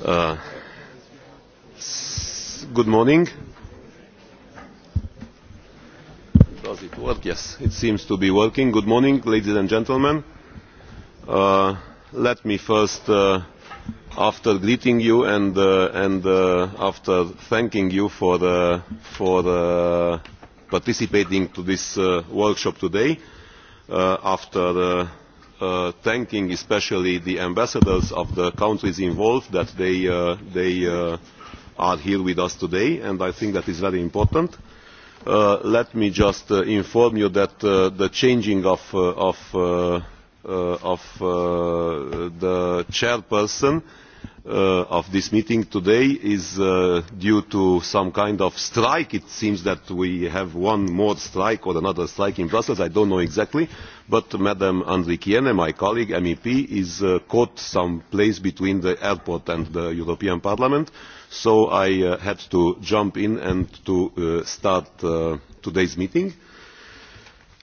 Uh, good morning. Does it work? Yes, it seems to be working. Good morning, ladies and gentlemen. Uh, let me first, uh, after greeting you and, uh, and uh, after thanking you for, uh, for uh, participating to this uh, workshop today, uh, after uh, Uh, thanking especially the ambassadors of the countries involved that they, uh, they uh, are here with us today, and I think that is very important. let me just inform you that the changing of, of, of the chairperson Uh, of this meeting today is uh, due to some kind of strike. It seems that we have one more strike or another strike in Brussels. I don't know exactly, but Madam Andrikiene, my colleague, MEP, is uh, caught some place between the airport and the European Parliament, so I had to jump in and to start today's meeting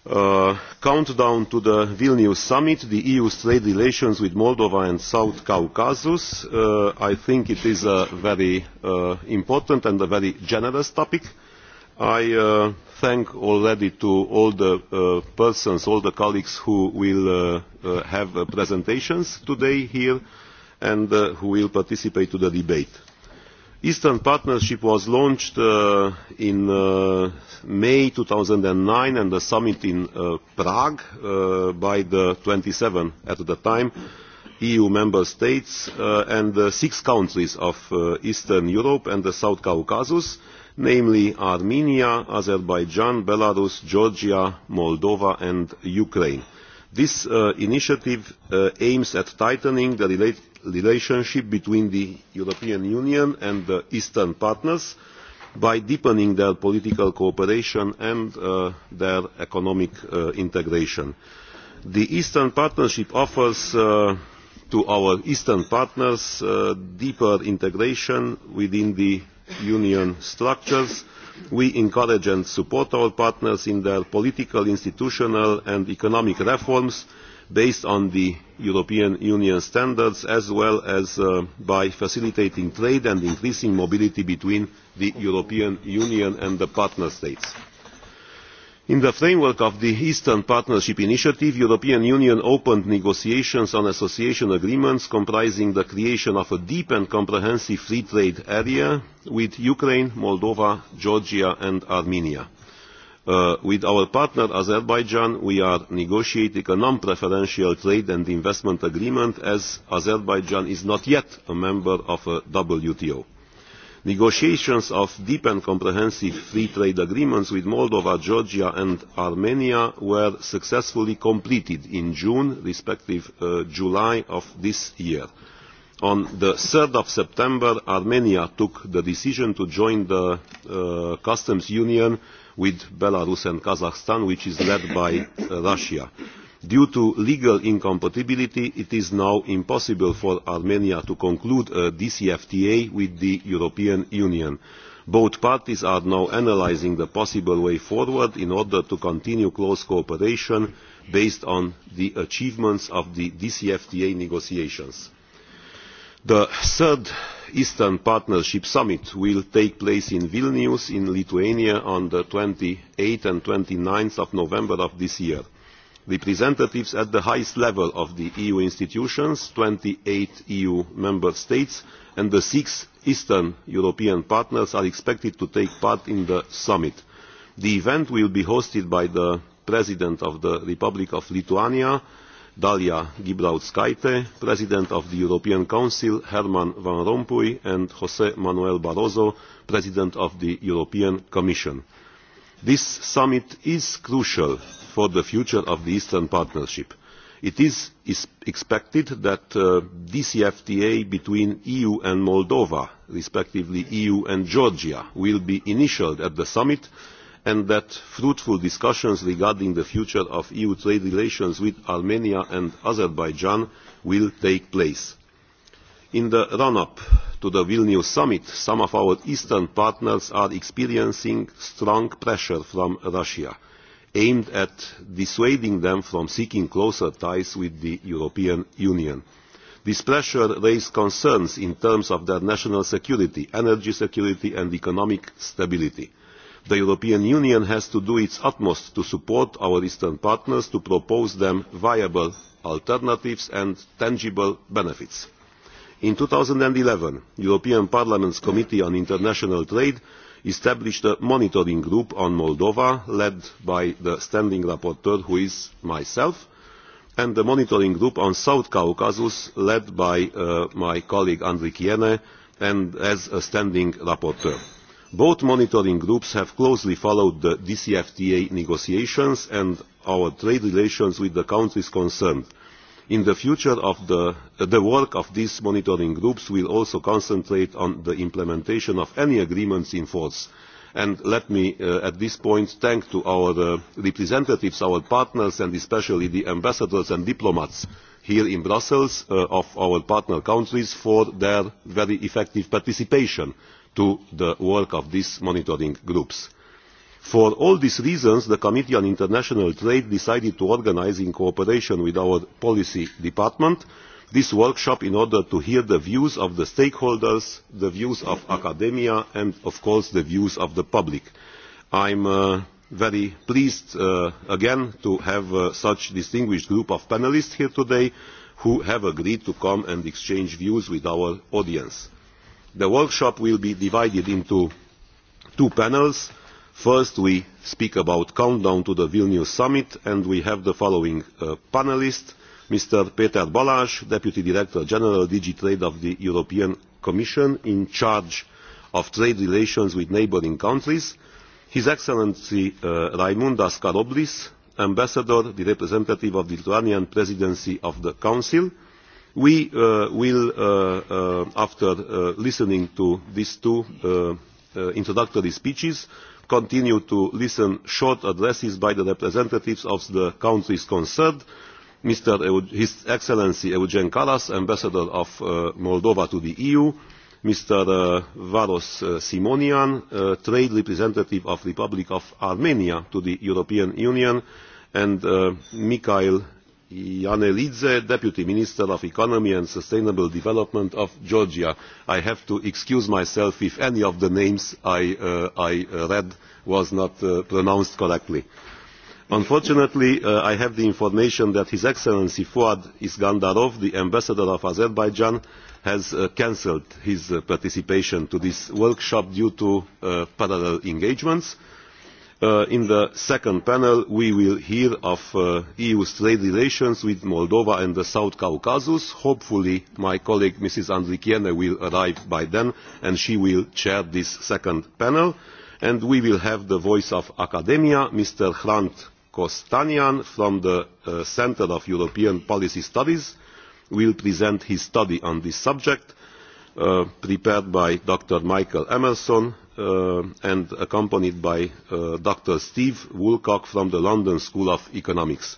Uh, countdown to the vilnius summit the eu's trade relations with moldova and south caucasus uh, i think it is a very uh, important and a very generous topic. i thank already to all the persons all the colleagues who will have presentations today here and who will participate in the debate. Eastern Partnership was launched uh, in uh, May 2009 and the summit in uh, Prague uh, by the 27 at the time EU member states and the six countries of Eastern Europe and the South Caucasus, namely Armenia, Azerbaijan, Belarus, Georgia, Moldova and Ukraine This uh, initiative uh, aims at tightening the rela relationship between the European Union and the Eastern partners by deepening their political cooperation and uh, their economic uh, integration. The Eastern Partnership offers uh, to our Eastern partners uh, deeper integration within the Union structures we encourage and support our partners in their political institutional and economic reforms based on the european union standards as well as uh, by facilitating trade and increasing mobility between the european union and the partner states in the framework of the eastern partnership initiative the european union opened negotiations on association agreements comprising the creation of a deep and comprehensive free trade area with ukraine moldova georgia and armenia. Uh, with our partner azerbaijan we are negotiating a non preferential trade and investment agreement as azerbaijan is not yet a member of the wto negotiations of deep and comprehensive free trade agreements with moldova georgia and armenia were successfully completed in june respective uh, july of this year. on the of september armenia took the decision to join the uh, customs union with belarus and kazakhstan which is led by uh, russia due to legal incompatibility it is now impossible for armenia to conclude a dcfta with the european union. both parties are now analysing the possible way forward in order to continue close cooperation based on the achievements of the dcfta negotiations. the third eastern partnership summit will take place in vilnius in lithuania on twenty eight and twenty nine november of this year representatives at the highest level of the eu institutions twenty eight eu member states and the six eastern european partners are expected to take part in the summit. the event will be hosted by the president of the republic of lithuania dalia grybauskait president of the european council herman van rompuy and jos manuel barroso president of the european commission. this summit is crucial for the future of the eastern partnership it is, expected that uh, dcfta between eu and moldova respectively eu and georgia will be initialled at the summit and that fruitful discussions regarding the future of eu trade relations with armenia and azerbaijan will take place in the run up to the vilnius summit some of our eastern partners are experiencing strong pressure from russia aimed at dissuading them from seeking closer ties with the European Union. This pressure raised concerns in terms of their national security, energy security and economic stability. The European Union has to do its utmost to support our Eastern partners to propose them viable alternatives and tangible benefits. In 2011, the European Parliament's Committee on International Trade established a monitoring group on Moldova led by the standing rapporteur who is myself and the monitoring group on South Caucasus led by uh, my colleague Kiene, and as a standing rapporteur. Both monitoring groups have closely followed the DCFTA negotiations and our trade relations with the countries concerned in the future of the, the work of these monitoring groups will also concentrate on the implementation of any agreements in force and let me uh, at this point thank to our uh, representatives our partners and especially the ambassadors and diplomats here in brussels uh, of our partner countries for their very effective participation to the work of these monitoring groups for all these reasons the committee on international trade decided to organise in cooperation with our policy department this workshop in order to hear the views of the stakeholders the views of academia and of course the views of the public. i am uh, very pleased uh, again to have uh, such a distinguished group of panelists here today who have agreed to come and exchange views with our audience. the workshop will be divided into two panels First, we speak about countdown to the Vilnius summit, and we have the following uh, panelists. Mr. Peter Balázs, Deputy Director General, DG Trade of the European Commission, in charge of trade relations with neighbouring countries. His Excellency uh, Raimundas Ambassador, the representative of the Lithuanian Presidency of the Council. We uh, will, uh, uh, after uh, listening to these two introductory speeches, continue to listen short addresses by the representatives of the countries concerned mr his excellency eugen Kalas, ambassador of uh, moldova to the eu mr uh, varos uh, simonian uh, trade representative of the republic of armenia to the european union and mikhail Yanelidze, Deputy Minister of Economy and Sustainable Development of Georgia. I have to excuse myself if any of the names I, uh, uh, read was not uh, pronounced correctly. Unfortunately, I have the information that His Excellency Fuad Iskandarov, the Ambassador of Azerbaijan, has cancelled his participation to this workshop due to parallel engagements. Uh, in the second panel we will hear of uh, EU eu's trade relations with moldova and the south caucasus. hopefully my colleague mrs andrikien will arrive by then and she will chair this second panel and we will have the voice of academia mr hrant kostanian from the uh, centre of european policy studies will present his study on this subject Uh, prepared by Dr. Michael Emerson uh, and accompanied by uh, Dr. Steve Woolcock from the London School of Economics.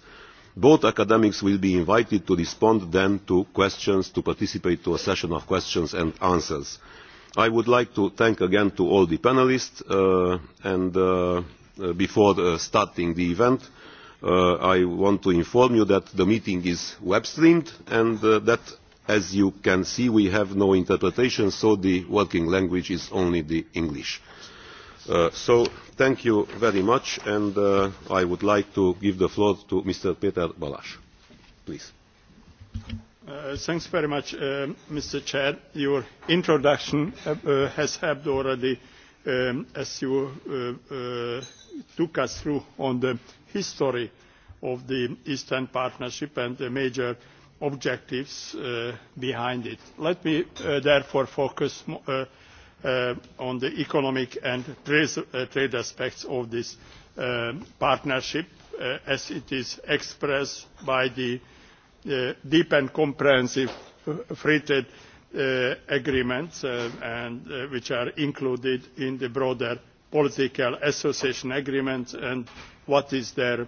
Both academics will be invited to respond then to questions, to participate to a session of questions and answers. I would like to thank again to all the panelists and before starting the event, I want to inform you that the meeting is web streamed and that as you can see we have no interpretation so the working language is only the english uh, so thank you very much and uh, i would like to give the floor to mr peter Balash. please uh, thanks very much mr chair your introduction has helped already um, as you took us through on the history of the eastern partnership and the major objectives uh, behind it. Let me uh, therefore focus uh, on the economic and trade aspects of this partnership as it is expressed by the deep and comprehensive free trade agreements and which are included in the broader political association agreements and what is their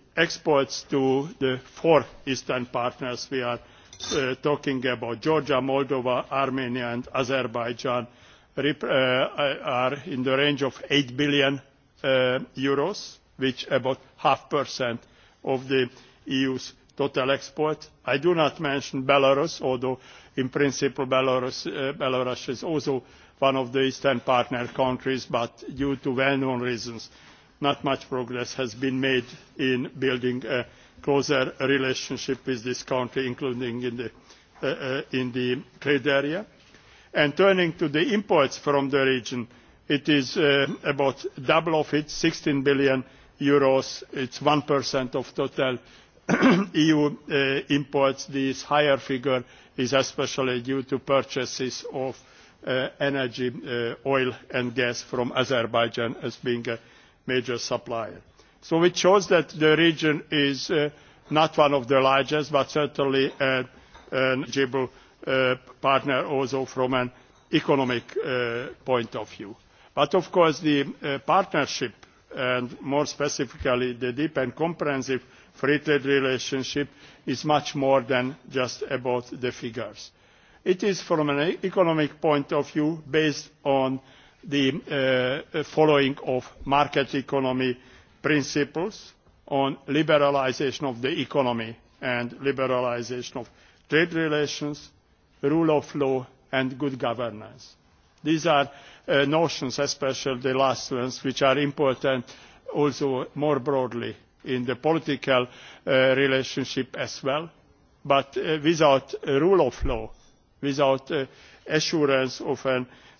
exports to the four eastern partners we are uh, talking about georgia moldova armenia and azerbaijan uh, uh, are in the range of eur eight billion which is about half percent of the eu's total exports. i do not mention belarus although in principle belarus is also one of the eastern partner countries but due to well known reasons not much progress has been made in building a closer relationship with this country including in the, uh, uh, trade area. And turning to the imports from the region it is uh, about double of its eur sixteen billion Euros. it's one of total eu e imports. this higher figure is especially due to purchases of energy oil and gas from azerbaijan as being major supplier. So it shows that the region is uh, not one of the largest, but certainly uh, an eligible uh, partner also from an economic uh, point of view. But of course the partnership and more specifically the deep and comprehensive free trade relationship is much more than just about the figures. It is from an economic point of view based on the uh, uh, following of market economy principles on liberalisation of the economy and liberalisation of trade relations rule of law and good governance. these are uh, notions especially the last ones which are important also more broadly in the political relationship as well but without rule of law without assurance of an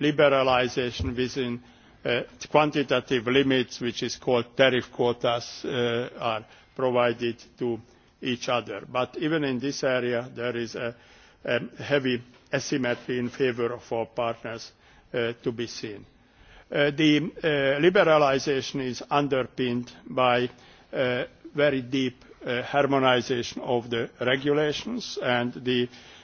liberalisation within uh, quantitative limits which is called tariff quotas uh, are provided to each other. but even in this area there is a heavy asymmetry in favour of our partners uh, to be seen. the liberalisation is underpinned by very deep harmonisation of the regulations and the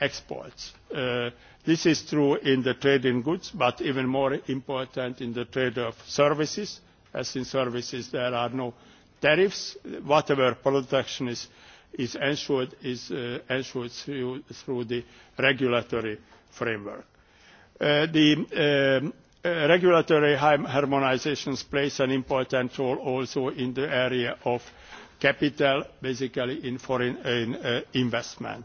exports. Uh, this is true in the trade in goods, but even more important in the trade of services, as in services there are no tariffs. Whatever production is, is ensured is uh, ensured through, the regulatory framework. Uh, the um, regulatory harmonizations plays an important role also in the area of capital, basically in foreign investment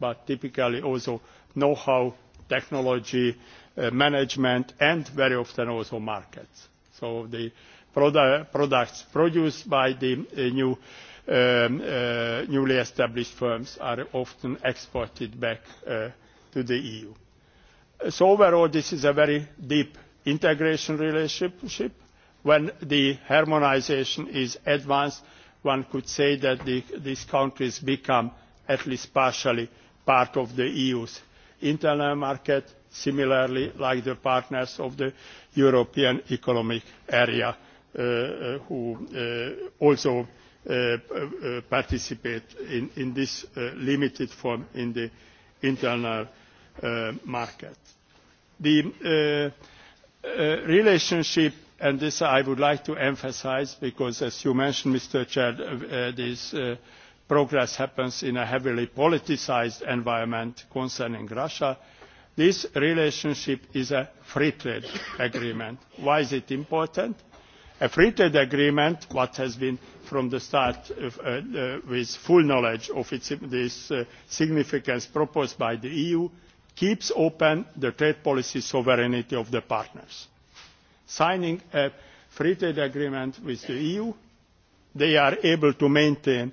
but typically also know how technology uh, management and very often also markets. so the products produced by the uh, new, um, uh, newly established firms are often exported back to the eu. so overall this is a very deep integration relationship. when the harmonization is advanced one could say that these countries become at least partially part of the eu's internal market similarly like the partners of the european economic area uh, uh, who uh, also participate in, this limited form in the internal market. the relationship and this i would like to emphasise because as you mentioned mr chair this progress happens in a heavily politicised environment concerning russia this relationship is a free trade agreement. why is it important? a free trade agreement what has been from the start uh, uh, with full knowledge of its this, uh, significance proposed by the eu keeps open the trade policy sovereignty of the partners. signing a free trade agreement with the eu they are able to maintain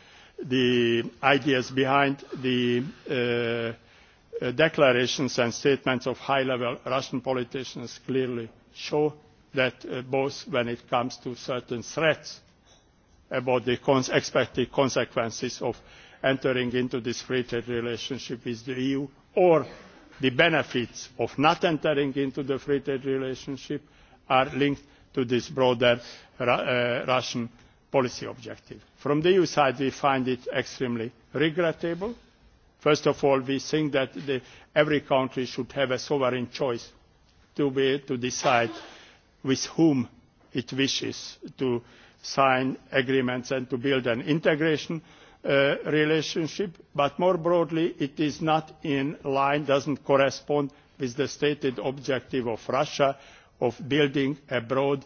the ideas behind the uh, uh, declarations and statements of high level russian politicians clearly show that uh, both when it comes to certain threats about the expected consequences of entering into this free trade relationship with the eu or the benefits of not entering into the free trade relationship are linked to this broader russian policy objective. From the EU side, we find it extremely regrettable. First of all, we think that every country should have a sovereign choice to, be, to decide with whom it wishes to sign agreements and to build an integration uh, relationship. But more broadly, it is not in line, does not correspond with the stated objective of Russia of building a broad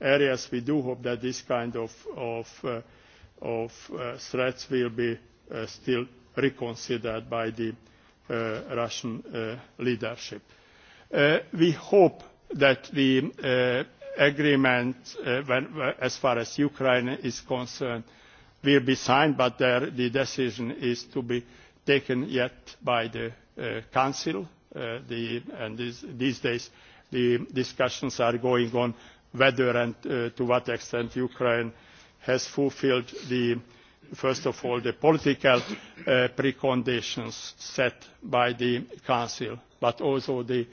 areas we do hope that this kind of, of, uh, uh, threats will be uh, still reconsidered by the russian leadership. we hope that the agreement as far as ukraine is concerned will be signed but the decision is to be taken yet by the council and these days the discussions are going on whether and to what extent Ukraine has fulfilled the first of all the political preconditions set by the Council, but also the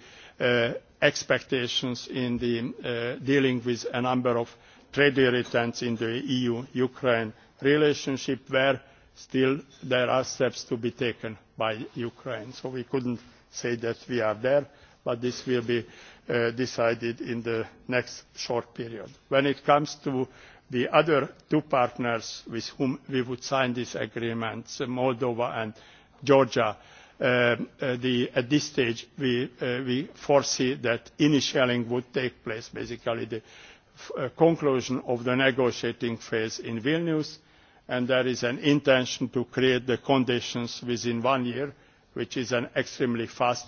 expectations in the dealing with a number of trade irritants in the EU Ukraine relationship where still there are steps to be taken by Ukraine. So we could not say that we are there, but this will be Uh, decided in the next short period. when it comes to the other two partners with whom we would sign this agreement, moldova and georgia uh, uh, at this stage we, we foresee that initialling would take place basically the conclusion of the negotiating phase in vilnius and there is an intention to create the conditions within one year which is an extremely fast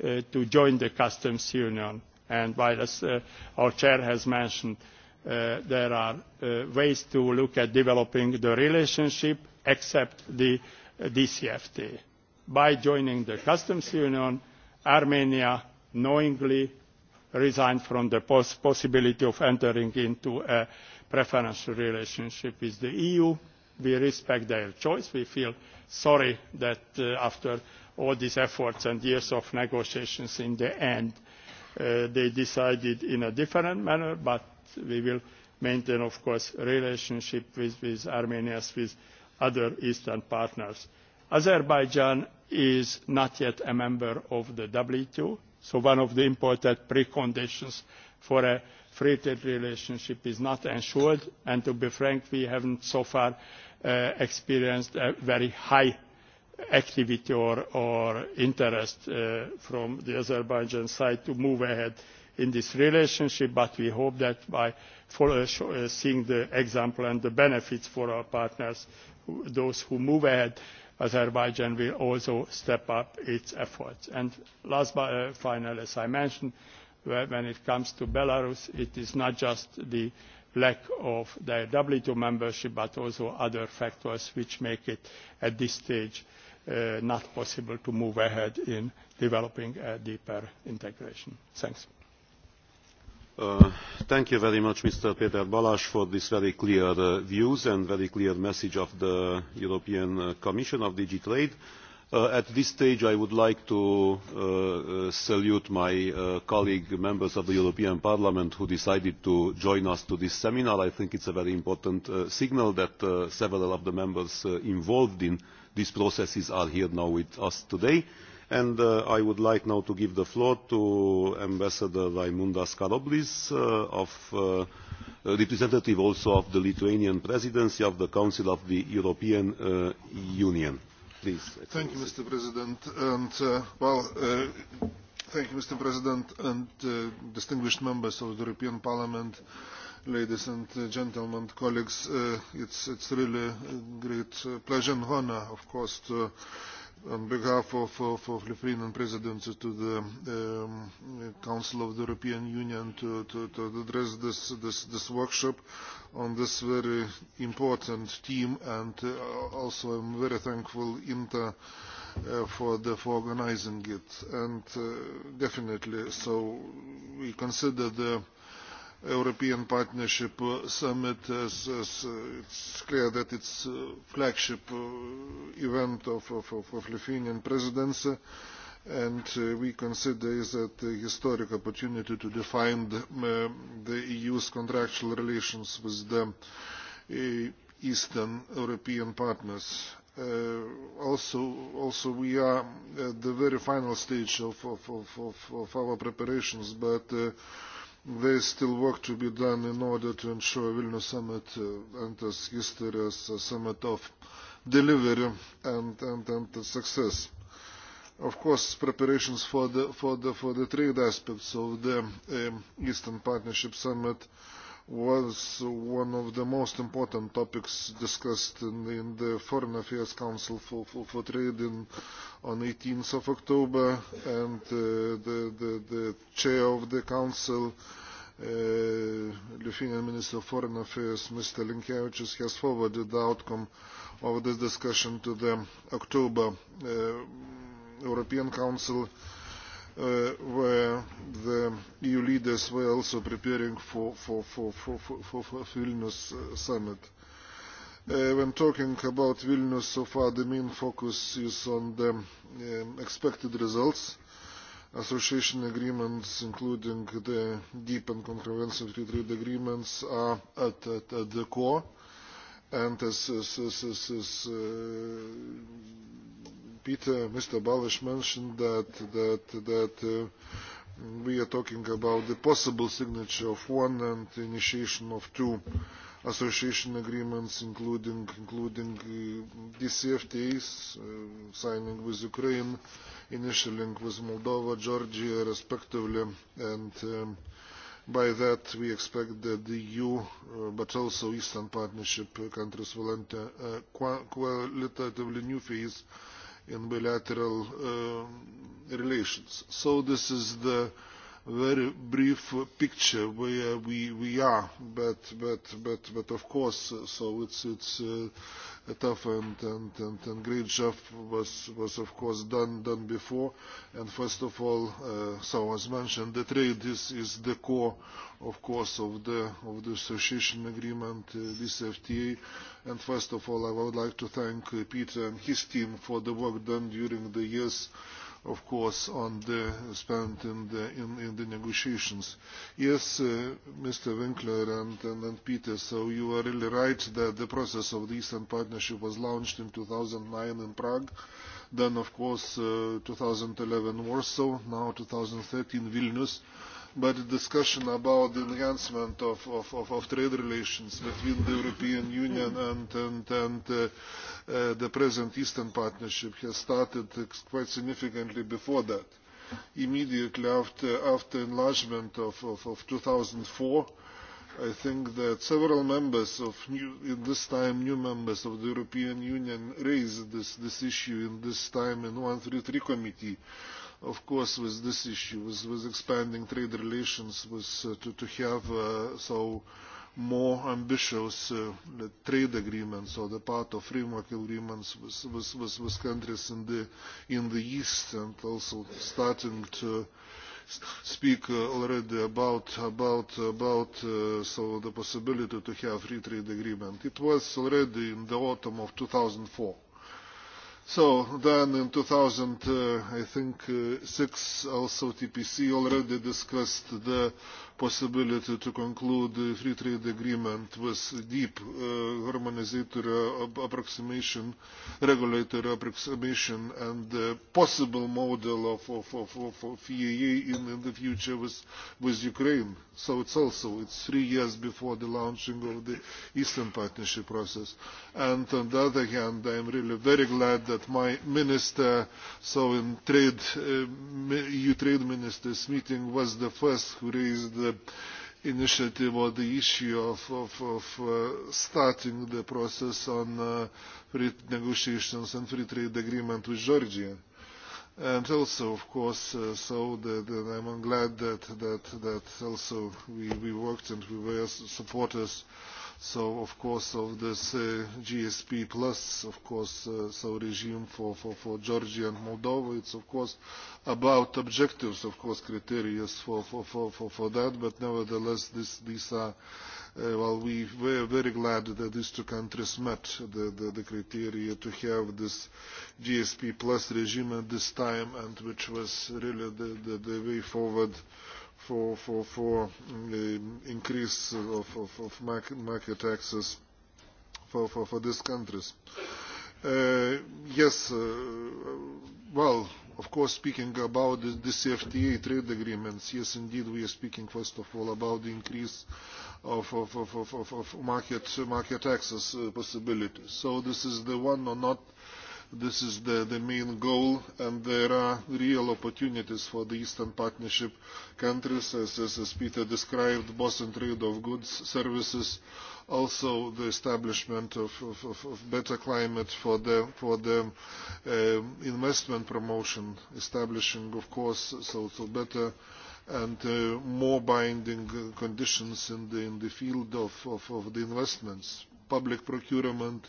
Uh, to join the customs union and while as uh, our chair has mentioned uh, there are ways to look at developing the relationship except the DCFT. by joining the customs union armenia knowingly resigned from the possibility of entering into a preferential relationship with the eu. we respect their choice. we feel sorry that after all these efforts and years of negotiations in the end uh, they decided in a different manner but we will maintain of course relationship with, armenia with other eastern partners. azerbaijan is not yet a member of the wto so one of the important preconditions for a free trade relationship is not ensured and to be frank we have not so far uh, experienced a very high activity or, or interest uh, from the Azerbaijan side to move ahead in this relationship, but we hope that by follow, uh, uh, seeing the example and the benefits for our partners, those who move ahead, Azerbaijan will also step up its efforts. And last but uh, least as I mentioned, when it comes to Belarus, it is not just the lack of their WTO membership, but also other factors which make it at this stage Uh, not possible to move ahead in developing deeper integration. Thanks. Uh, thank you very much, Mr. Peter Balas, for this very clear uh, views and very clear message of the European Commission of Trade. Uh, at this stage i would like to uh, uh, salute my colleague members of the european parliament who decided to join us to this seminar. i think it is a very important signal that several of the members involved in these processes are here now with us today and i would like now to give the floor to ambassador raimundas karoblis representative also of the lithuanian presidency of the council of the european union. Please, thank you, Mr. President. And, uh, well, uh, thank you, Mr. President, and uh, distinguished members of the European Parliament, ladies and uh, gentlemen, colleagues. Uh, it's, it's really a great pleasure and honor, of course, to on behalf of, of, of Lithuanian presidency to the um, Council of the European Union to, to, to address this, this, this workshop on this very important team and uh, also I'm very thankful INTA uh, for, the, for organizing it and uh, definitely so we consider the European Partnership uh, Summit as, uh, it's clear that it's a uh, flagship event of, the Lithuanian presidency and we consider it a historic opportunity to define the, um, EU's e contractual relations with the Eastern European partners. also, we are at the very final stage of, our preparations, but There is still work to be done in order to ensure Vilnius Summit enters history as a summit of delivery and, and, and success. Of course, preparations for the, for the, for the trade aspects of the um, Eastern Partnership Summit was one of the most important topics discussed in, in the Foreign Affairs Council for, for, for Trade in, on 18th of October, and uh, the, the, the chair of the council, uh, Lithuanian Minister of Foreign Affairs, Mr. Linkevichus, has forwarded the outcome of this discussion to the October uh, European Council where the EU leaders were also preparing for for for for for for Vilnius uh, summit. Uh, when talking about Vilnius so far the main focus is on the um, expected results association agreements, including the deep and comprehensive free trade agreements, are at, at, the core. And as, as, uh, Peter, Mr. Balish mentioned that, that, that uh, we are talking about the possible signature of one and initiation of two association agreements, including including DCFTAs, uh, uh, signing with Ukraine, initialing with Moldova, Georgia, respectively, and um, by that we expect that the EU, but also Eastern Partnership countries will enter a qualitatively new phase in bilateral um, relations. So this is the very brief picture where we we are but but but of course so it's it's uh, a tough and and and, and great job was was of course done done before and first of all uh, so as mentioned the trade is is the core of course of the of the association agreement uh, this FTA and first of all I would like to thank Peter and his team for the work done during the years of course on the spent in the in, in the negotiations. Yes, uh, Mr Winkler and, and and Peter, so you are really right that the process of the Eastern Partnership was launched in 2009 in Prague. Then, of course, uh, 2011 Warsaw, now 2013 Vilnius but the discussion about the enhancement of, of, of, of trade relations between the European Union and, and, and uh, uh, the present Eastern Partnership has started quite significantly before that. Immediately after, after enlargement of, of, of 2004, i think that several members of new, in this time new members of the European Union raised this, this issue in this time in 133 committee of course, with this issue, with, with expanding trade relations, with, uh, to, to have uh, so more ambitious uh, trade agreements or the part of framework agreements with, with, with, with countries in the, in the East and also starting to speak uh, already about about about uh, so the possibility to have free trade agreement. It was already in the autumn of 2004 So then in two thousand uh, I think, uh, six also TPC already discussed the possibility to conclude the free trade agreement with deep uh, harmonisatory uh, approximation, regulatory approximation, and the possible model of, of, of, of, of EAA in, in the future with, with Ukraine. So it's also it's three years before the launching of the Eastern Partnership process. And on the other hand, I am really very glad that my minister, so in trade, uh, EU e trade ministers meeting was the first who raised the Uh, initiative or the issue of, of, of uh, starting the process on uh, free negotiations and free trade agreement with Georgia. And also, of course, uh, so that, that I'm glad that, that, that also we, we worked and we were supporters So of course of this uh, GSP plus, of course, uh, so regime for, for, for Georgia and Moldova, it's of course about objectives, of course, criteria for, for, for, for that, but nevertheless, this, these are uh, well, we were very glad that these two countries met the, the, the criteria to have this GSP plus regime at this time, and which was really the, the, the way forward for for for mm, increase of of of market taxes for for for these countries. Uh, yes, uh, well, of course, speaking about the, the CFTA trade agreements, yes, indeed, we are speaking first of all about the increase of, of, of, of, market, market access uh, possibilities. So this is the one or not This is the, main goal, and there are real opportunities for the Eastern Partnership countries, as, Peter described, Boston trade of goods, services, also the establishment of, of, better climate for the, um, investment promotion, establishing, of course, so, better and uh, more binding conditions in the, field of, the investments, public procurement,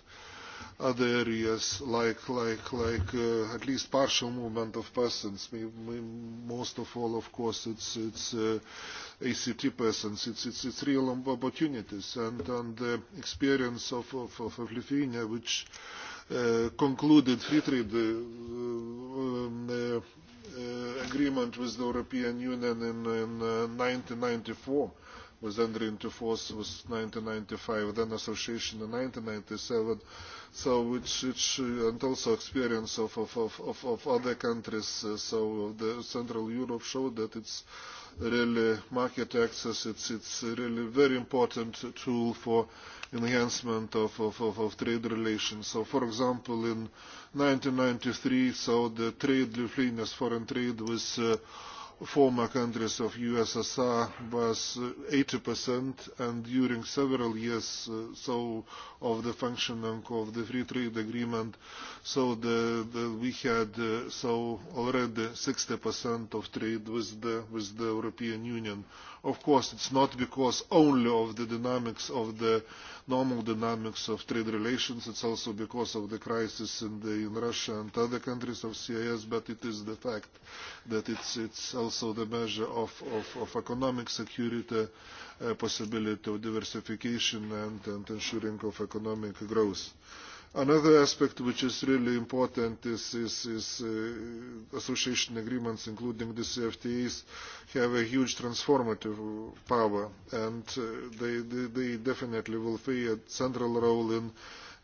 other areas like like like uh, at least partial movement of persons we, we, most of all of course it's it's uh, ACT persons it's it's, it's real opportunities and and the experience of of, of Lithuania which uh, concluded free trade uh, um, uh, uh, agreement with the European Union in, in 1994 was entered into force was 1995, then association in 1997, so which, which uh, and also experience of, of, of, of other countries, uh, so the Central Europe showed that it's really market access, it's, it's really very important tool for enhancement of, of, trade relations. So, for example, in 1993, so the trade, Lithuania's foreign trade was uh, former countries of ussr was 80% and during several years uh, so of the functioning of the free trade agreement so the, we had uh, so already 60% of trade with the with the european union Of course, it's not because only of the dynamics of the normal dynamics of trade relations. It's also because of the crisis in, the, in Russia and other countries of CIS, but it is the fact that it's, it's also the measure of, of, of economic security, uh, possibility of diversification and, and ensuring of economic growth. Another aspect which is really important is, is, is uh, association agreements, including the CFTAs, have a huge transformative power, and uh, they, they, they definitely will play a central role in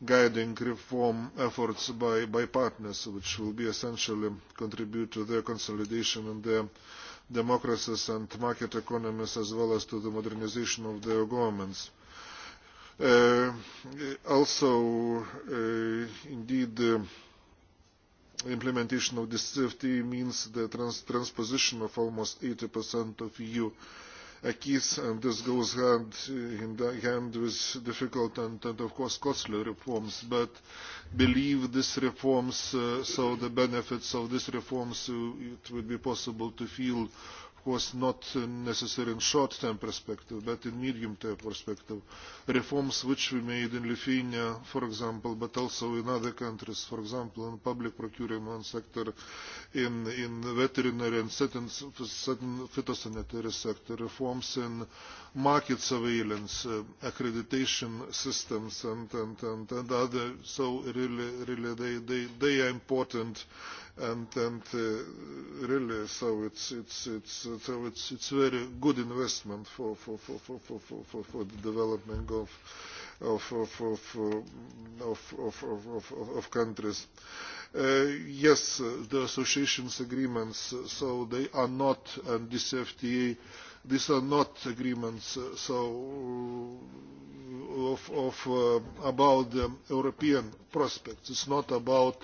guiding reform efforts by, by partners, which will be essentially contribute to their consolidation and their democracies and market economies, as well as to the modernization of their governments Uh, also uh, indeed uh, implementation of this CFT means the trans transposition of almost 80% of EU acquis and this goes hand uh, in hand with difficult and, and of course costly reforms but believe these reforms uh, so the benefits of these reforms uh, it would be possible to feel was not necessary in short term perspective but in medium term perspective reforms which we made in lithuania for example but also in other countries for example in public procurement sector in, in veterinary and certain, certain phytosanitary sector reforms in market surveillance uh, accreditation systems and, and, and, and other so really, really they, they, they are important and uh, really so it's it's it's it's very good investment for for for for for for, the development of of of of of countries uh, yes the associations agreements so they are not and this fta these are not agreements so of of uh, about the european prospects it's not about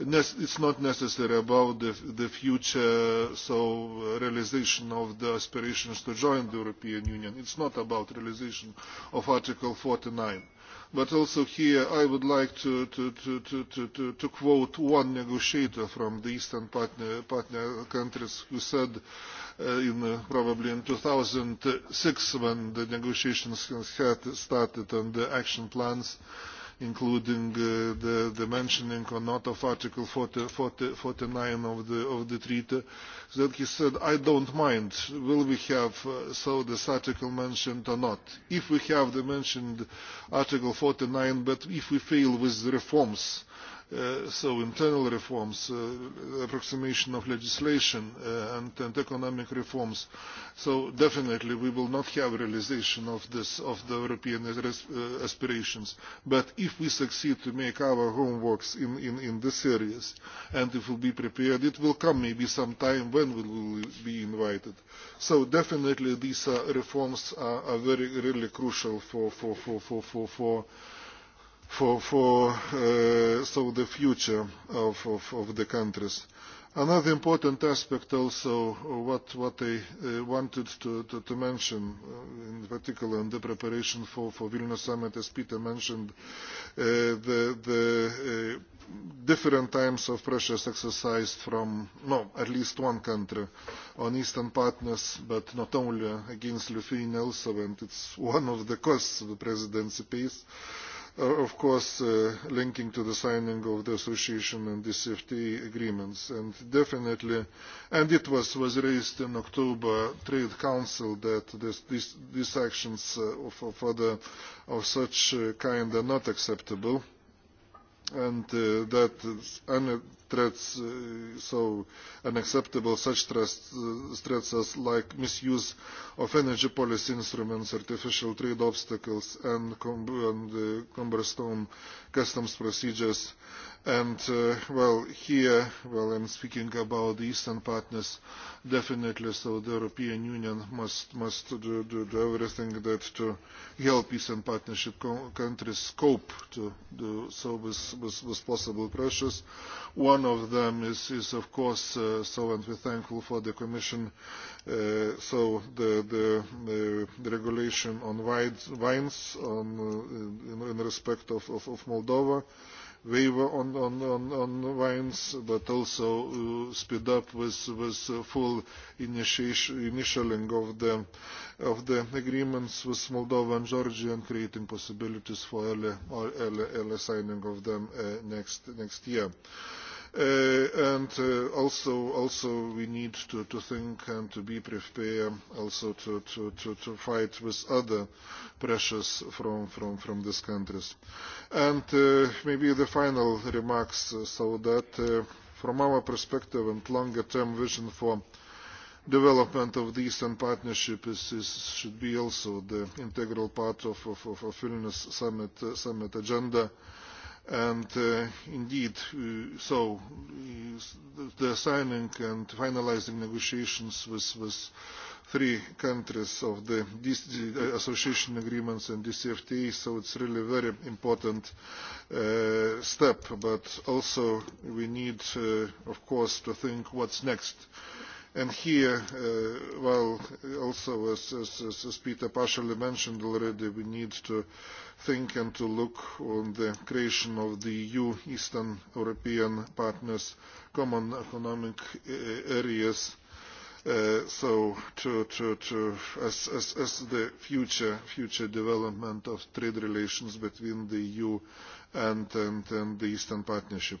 it's not necessarily about the, the future so uh, realization of the aspirations to join the European Union. It's not about realization of Article 49. But also here I would like to, to, to, to, to, to quote one negotiator from the Eastern partner, partner countries who said uh, in, uh, probably in 2006 when the negotiations had started and the action plans including uh, the, the mentioning or not of Article 40, 40, 49 of the, of the treaty. that he said, I don't mind, will we have uh, so this article mentioned or not. If we have the mentioned Article 49, but if we fail with the reforms Uh, so internal reforms, uh, approximation of legislation uh, and, and economic reforms. So definitely we will not have realization of this of the European uh, aspirations. But if we succeed to make our homeworks in, in, in this areas and if we be prepared, it will come maybe some time when we will be invited. So definitely these reforms are, are very really crucial for for for for for, for for for uh, so the future of, of of the countries another important aspect also what what i uh, wanted to to, to mention uh, in particular in the preparation for for vilnius summit as peter mentioned uh, the the uh, different times of pressures exercised from no at least one country on eastern partners but not only against lithuania also and it's one of the costs of the presidency peace. Uh, of course uh, linking to the signing of the association and the agreements. And definitely, and it was, was raised in October Trade Council that this, these actions uh, of, of, other, of such kind are not acceptable and uh, that any threats, uh, so unacceptable such threats, uh, threats as like misuse of energy policy instruments, artificial trade obstacles and, com and uh, cumbersome customs procedures and uh, well here well i'm speaking about the eastern partners definitely so the european union must must do, do, do everything that to help eastern partnership countries cope to do so with, with, with possible pressures one of them is is of course uh, so and we're thankful for the commission uh, so the, the uh the regulation on wines on uh, in, in respect of, of, of moldova waiver on, on, on, wines, but also uh, speed up with, with full initialing of the, of the agreements with Moldova and Georgia and creating possibilities for early, signing of them uh, next, year. Uh, and uh, also also we need to to think and to be prepared also to to to, to fight with other pressures from from from these countries and uh, maybe the final remarks so that from our perspective and longer term vision for development of the Eastern Partnership is, is, should be also the integral part of, of, of, a summit, uh, summit agenda and uh, indeed uh, so uh, the signing and finalising negotiations with, with three countries of the association agreements and DCFTA, so it's really a very important step, but also we need, of course, to think what's next. And here, uh, well, also as, as, as Peter partially mentioned already, we need to think and to look on the creation of the EU Eastern European partners common economic uh, areas uh, so to, to, to as, as, as the future, future development of trade relations between the EU and, and, and the Eastern Partnership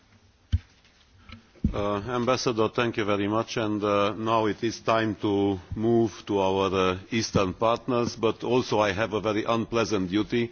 Uh, ambassador thank you very much and uh, now it is time to move to our uh, eastern partners but also i have a very unpleasant duty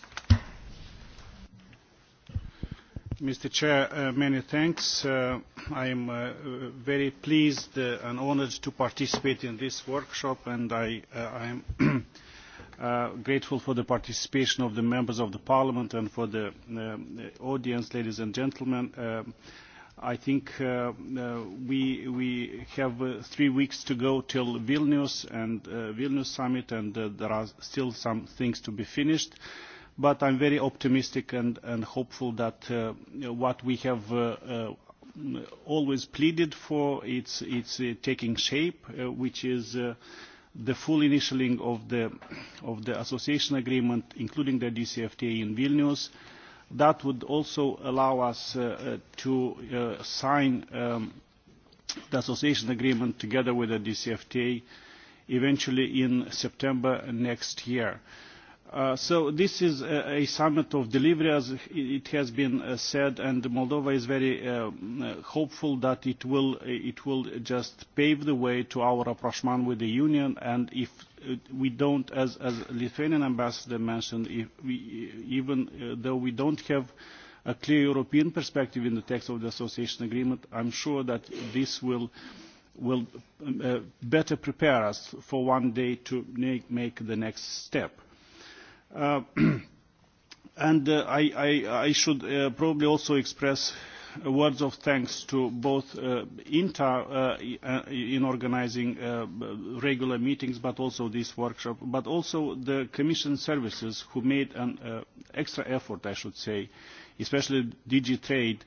Mr Chair, uh, many thanks. Uh, I am uh, very pleased and honoured to participate in this workshop and I am grateful for the participation of the members of the parliament and for the audience ladies and gentlemen i think we we have three weeks to go till vilnius and vilnius summit and there are still some things to be finished but I'm very optimistic and, hopeful that uh, what we have uh, uh, always pleaded for, is it's taking shape, which is the full initialing of the, of the association agreement, including the DCFTA in Vilnius. That would also allow us to sign um, the association agreement together with the DCFTA eventually in September next year. Uh, so this is a, a summit of delivery, as it has been uh, said, and Moldova is very uh, uh hopeful that it will, uh, it will just pave the way to our rapprochement with the Union. And if we don't, as, as Lithuanian ambassador mentioned, if we, even though we don't have a clear European perspective in the text of the association agreement, I'm sure that this will will better prepare us for one day to make, make the next step. Uh, and uh, I I I should uh, probably also express words of thanks to both INTA in organizing regular meetings but also this workshop, but also the Commission services who made an extra effort I should say, especially Digitrade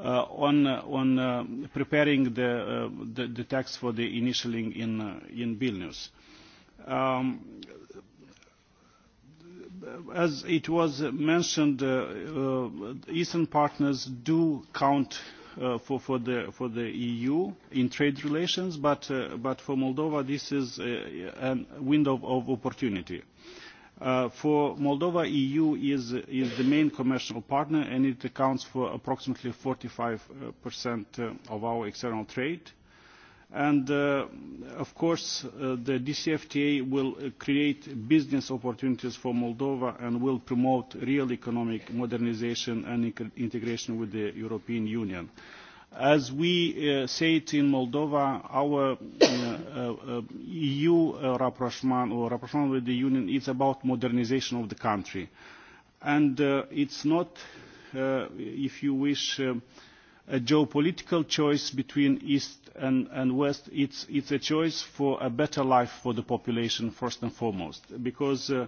on on preparing the, the the text for the initialing in in Vilnius. Um, as it was mentioned, uh, uh, Eastern partners do count Uh, for, for, the, for the EU in trade relations, but, uh, but for Moldova this is a, a window of opportunity. Uh, for Moldova, EU is, is the main commercial partner and it accounts for approximately 45% uh, of our external trade and uh, of course uh, the DCFTA will uh, create business opportunities for Moldova and will promote real economic modernization and integration with the European Union. As we uh, say it in Moldova, our uh, EU rapprochement or rapprochement with the Union is about modernization of the country. And it's not, if you wish, a geopolitical choice between east and, west it's it's a choice for a better life for the population first and foremost because uh,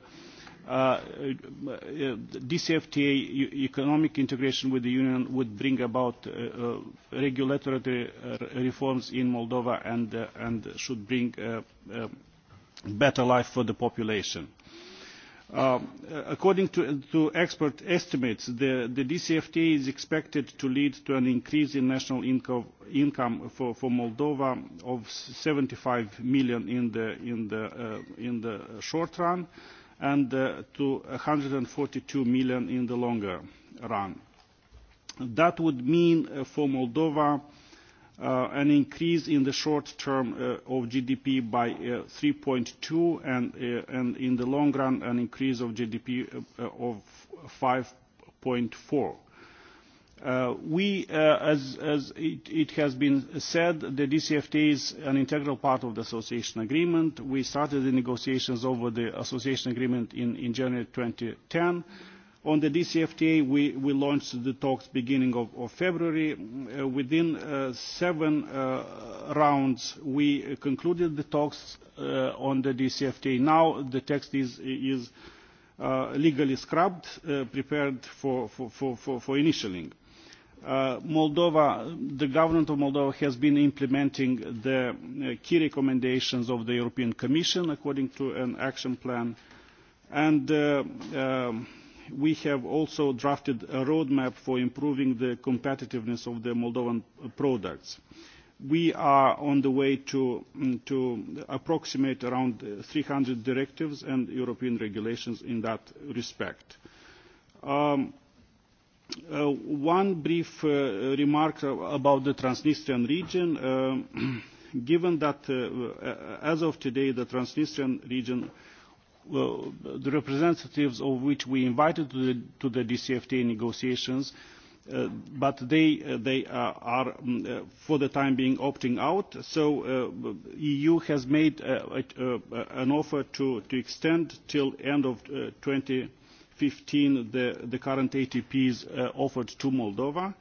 uh, DCFTA e-, economic integration with the union would bring about uh, regulatory reforms in Moldova and should bring a better life for the population Um, according to, expert estimates, the, the DCFTA is expected to lead to an increase in national income, for, Moldova of 75 million in the, in the, and uh, in the short run and forty uh, to 142 million in the longer run. That would mean uh, for Moldova Uh, an increase in the short term uh, of GDP by uh, 3.2 and, uh, and in the long run an increase of GDP uh, of 5.4. Uh, we, as, as it, it has been said, the DCFTA is an integral part of the association agreement. We started the negotiations over the association agreement in, in January 2010 on the DCFTA, we, we launched the talks beginning of, February. Mm, uh, within uh, seven uh, rounds, we concluded the talks on the DCFTA. Now the text is, is legally scrubbed, prepared for, for, for, initialing. Moldova, the government of Moldova has been implementing the key recommendations of the European Commission according to an action plan. And um, we have also drafted a roadmap for improving the competitiveness of the Moldovan products. We are on the way to, mm, approximate around 300 directives and European regulations in that respect. Um, uh, one brief uh, remark about the Transnistrian region. Um, given that uh, as of today the Transnistrian region Uh, the representatives of which we invited to the, to the DCFTA negotiations, uh, but they, uh, they are, um, for the time being, opting out. So the EU has made an offer to, extend till end of uh, 2015 the, the current ATPs offered to Moldova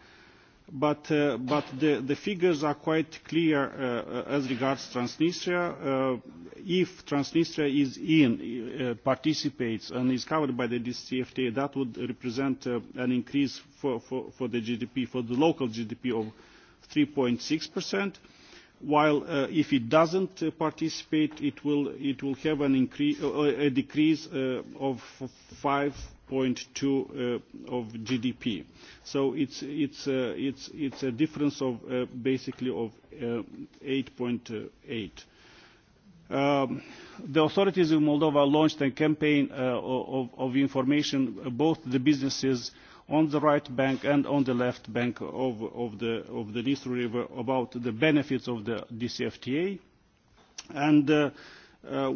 but uh, but the the figures are quite clear uh, uh, as regards transnistria if transnistria is in participates and is covered by the dcfta that would represent an increase for, for for the gdp for the local gdp of 3.6% while if it doesn't participate it will it will have an increase a decrease of 5 0.2 uh, of GDP. So it's it's uh, it's it's a difference of uh, basically of 8.8. Uh, eight um, the authorities in Moldova launched a campaign of, of information both the businesses on the right bank and on the left bank of, of the of the River about the benefits of the DCFTA, and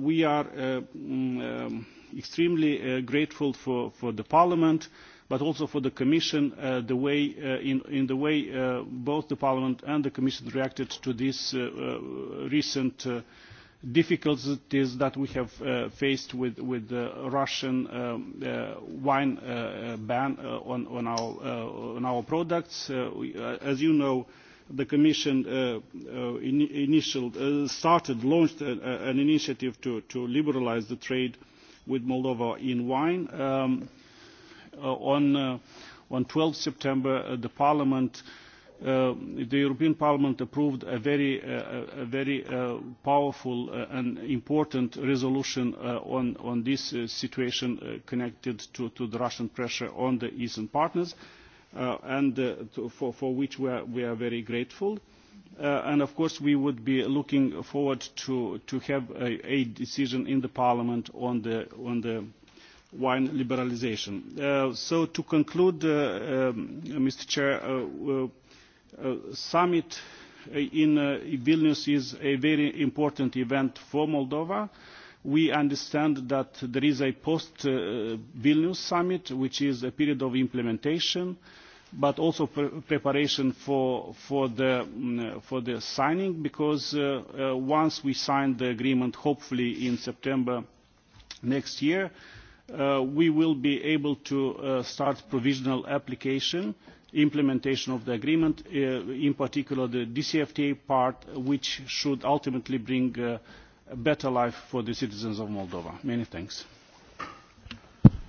we are. Mm, um, extremely uh, grateful for, for the Parliament but also for the Commission uh, the way, uh, in, the way both the Parliament and the Commission reacted to these recent difficulties that we have faced with, with the Russian um, wine ban on, our, on our products. As you know, the Commission in, initial, started, launched an initiative to, to liberalise the trade with Moldova in wine. Um, uh, on, uh, on 12 September, uh, the Parliament Uh, the European Parliament approved a very, uh, a very uh, powerful uh, and important resolution on, on this situation connected to, to the Russian pressure on the Eastern partners, and to, for, for which we are, we are very grateful. Uh, and of course we would be looking forward to to have a, decision in the parliament on the on the wine liberalisation. Uh, so to conclude uh, mr um, chair uh, summit in vilnius is a very important event for moldova we understand that there is a post vilnius summit which is a period of implementation but also preparation for, for, the, mm, for the signing because uh, uh, once we sign the agreement, hopefully in September next year, uh, we will be able to start provisional application, implementation of the agreement, in particular the DCFTA part, which should ultimately bring a better life for the citizens of Moldova. Many thanks.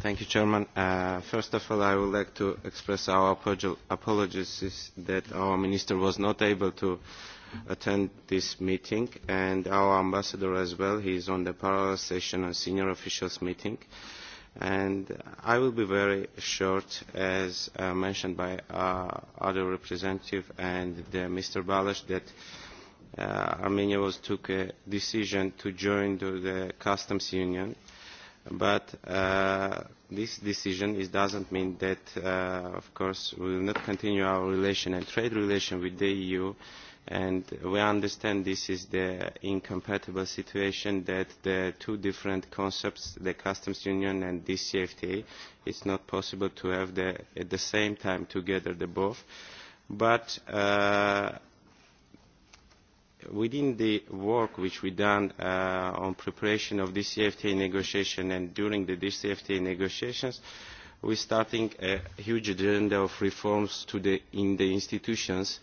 Thank you, Chairman. Uh, first of all, I would like to express our apologies that our minister was not able to attend this meeting and our ambassador as well. He is on the parallel session and senior officials meeting. And I will be very short, as uh, mentioned by uh, other representative and the Mr. Balash, that uh, Armenia was took a decision to join the, the customs union but uh, this decision is, doesn't mean that, uh, of course, we will not continue our relation and trade relation with the EU. And we understand this is the incompatible situation that the two different concepts, the customs union and CFTA it's not possible to have the, at the same time together the both. But uh, within the work which we done uh, on preparation of CFTA negotiation and during the CFTA negotiations, we're starting a huge agenda of reforms to the, in the institutions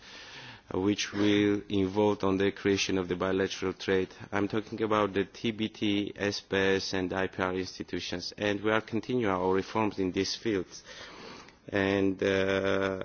uh, which will involve on the creation of the bilateral trade. I'm talking about the TBT, SPS e and IPR institutions and we are continuing our reforms in these fields. And uh,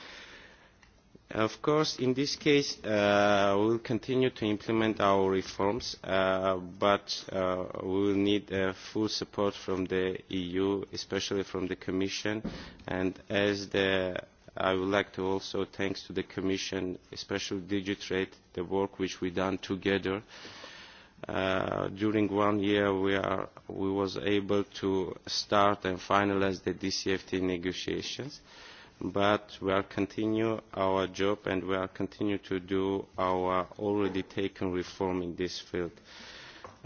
Of course, in this case, uh, we will continue to implement our reforms, uh, but uh, we will need uh, full support from the EU, especially from the Commission. And as the, I would like to also thanks to the Commission, especially Digitrate, the work which we done together. Uh, during one year, we, are, we was able to start and finalize the DCFT negotiations but we will continue our job and we will continue to do our already taken reform in this field.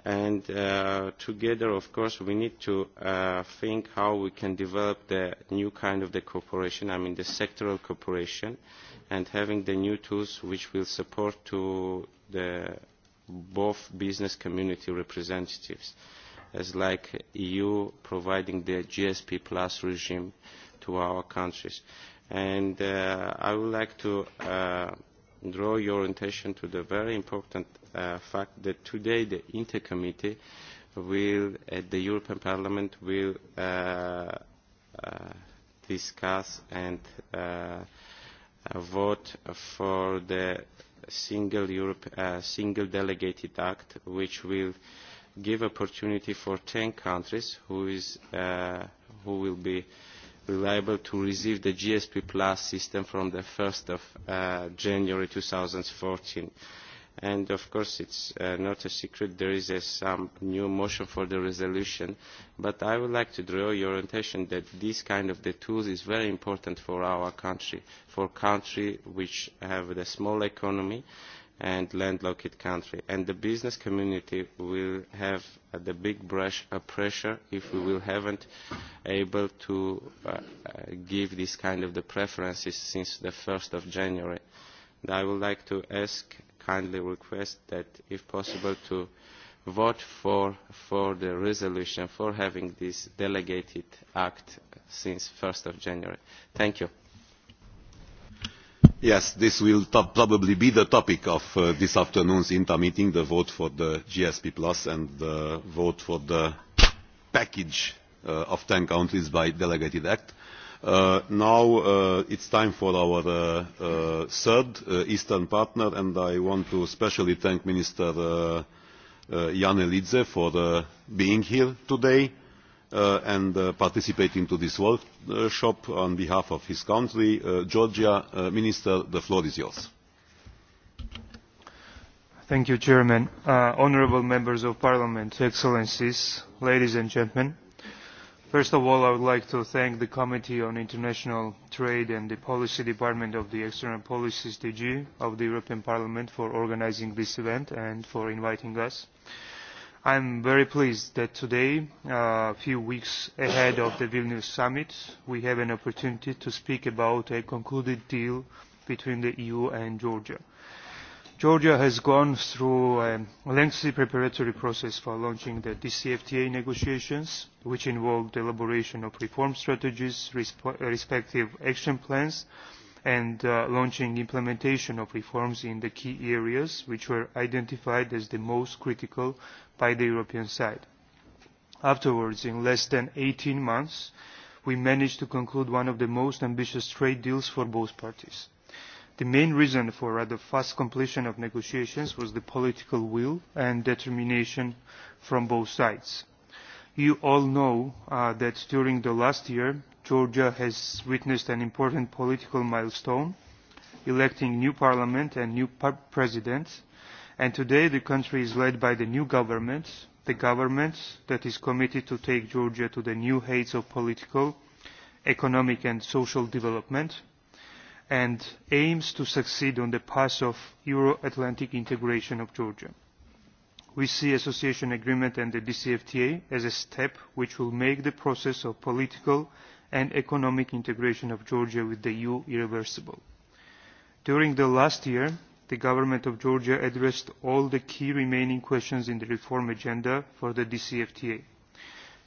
And uh, together, of course, we need to uh, think how we can develop the new kind of the cooperation, I mean the sectoral cooperation, and having the new tools which will support to the both business community representatives, as like EU providing the GSP plus regime, to our countries. And uh, I would like to uh, draw your attention to the very important uh, fact that today the intercommittee will, at the European Parliament, will uh, uh, discuss and uh, uh vote for the single, Europe, uh, single delegated act, which will give opportunity for 10 countries who, is, uh, who will be uh, able to receive the GSP Plus system from the 1st of uh, January 2014. And of course, it's is uh, not a secret, there is some new motion for the resolution, but I would like to draw your attention that this kind of the tools is very important for our country, for country which have a small economy, and landlocked country. And the business community will have uh, the big brush of uh, pressure if we will haven't able to uh, give this kind of the preferences since the 1st of January. I would like to ask, kindly request that if possible to vote for, for the resolution for having this delegated act since 1st of January. Thank you. Yes, this will probably be the topic of uh, this afternoon's INTA meeting, the vote for the GSP Plus and the vote for the package uh, of ten countries by delegated act. Uh, now it it's time for our third Eastern partner, and I want to especially thank Minister Janelidze for being here today. Uh, and uh, participating in this workshop uh, on behalf of his country, Georgia. Minister, the floor is yours. Thank you, Honourable Members of Parliament, Excellencies, ladies and gentlemen. First of all, I would like to thank the Committee on International Trade and the Policy Department of the External Policies DG of the European Parliament for organising this event and for inviting us. I am very pleased that today, uh, a few weeks ahead of the Vilnius summit, we have an opportunity to speak about a concluded deal between the EU and Georgia. Georgia has gone through a lengthy preparatory process for launching the DCFTA negotiations, which involved the elaboration of reform strategies, respective action plans, and uh, launching implementation of reforms in the key areas which were identified as the most critical by the European side. Afterwards, in less than 18 months, we managed to conclude one of the most ambitious trade deals for both parties. The main reason for rather fast completion of negotiations was the political will and determination from both sides. You all know uh, that during the last year, Georgia has witnessed an important political milestone, electing new parliament and new president, and today the country is led by the new government, the government that is committed to take Georgia to the new heights of political, economic and social development, and aims to succeed on the path of Euro-Atlantic integration of Georgia. We see association agreement and the DCFTA as a step which will make the process of political and economic integration of Georgia with the EU irreversible. During the last year, the government of Georgia addressed all the key remaining questions in the reform agenda for the DCFTA.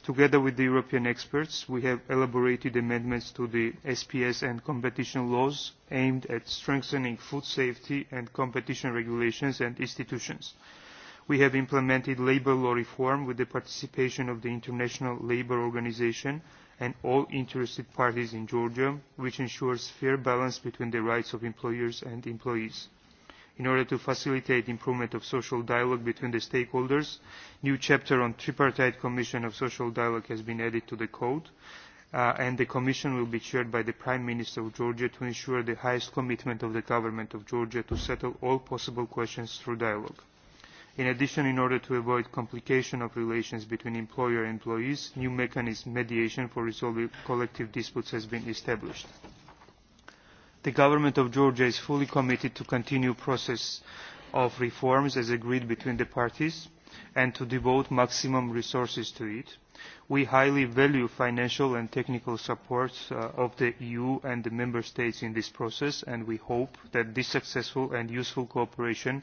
Together with the European experts, we have elaborated amendments to the SPS and competition laws aimed at strengthening food safety and competition regulations and institutions. We have implemented labor law reform with the participation of the International Labour Organization and all interested parties in Georgia, which ensures fair balance between the rights of employers and employees. In order to facilitate improvement of social dialogue between the stakeholders, a new chapter on tripartite commission of social dialogue has been added to the code, uh, and the commission will be chaired by the Prime Minister of Georgia to ensure the highest commitment of the government of Georgia to settle all possible questions through dialogue in addition in order to avoid complication of relations between employer and employees new mechanism mediation for resolving collective disputes has been established the government of georgia is fully committed to continue process of reforms as agreed between the parties and to devote maximum resources to it we highly value financial and technical support uh, of the eu and the member states in this process and we hope that this successful and useful cooperation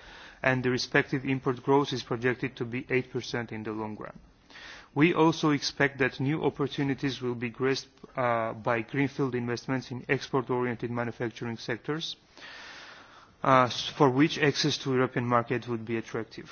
and the respective import growth is projected to be 8% in the long run. We also expect that new opportunities will be grasped uh, by greenfield investments in export-oriented manufacturing sectors, uh, for which access to European market would be attractive.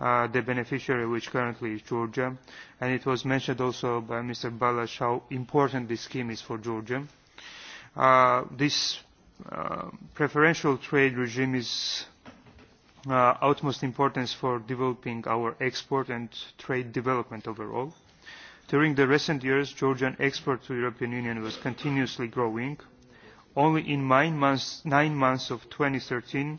Uh, the beneficiary, which currently is Georgia. And it was mentioned also by Mr. Balash how important this scheme is for Georgia. Uh, this uh, preferential trade regime is uh, utmost importance for developing our export and trade development overall. During the recent years, Georgian export to European Union was continuously growing. Only in nine months, nine months of 2013,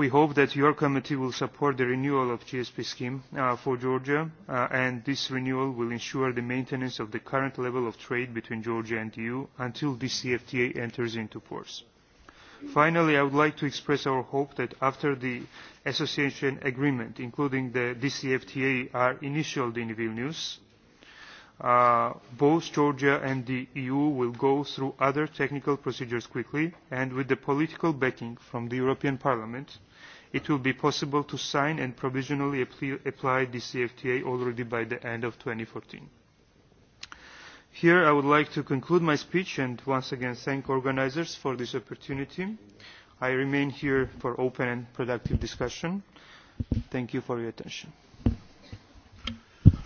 We hope that your committee will support the renewal of GSP scheme uh, for Georgia, uh, and this renewal will ensure the maintenance of the current level of trade between Georgia and the EU until the CFTA enters into force. Finally, I would like to express our hope that after the association agreement, including the DCFTA, are initial in Vilnius, uh, both Georgia and the EU will go through other technical procedures quickly and with the political backing from the European Parliament it will be possible to sign and provisionally apply the CFTA already by the end of 2014. Here I would like to conclude my speech and once again thank organizers for this opportunity. I remain here for open and productive discussion. Thank you for your attention.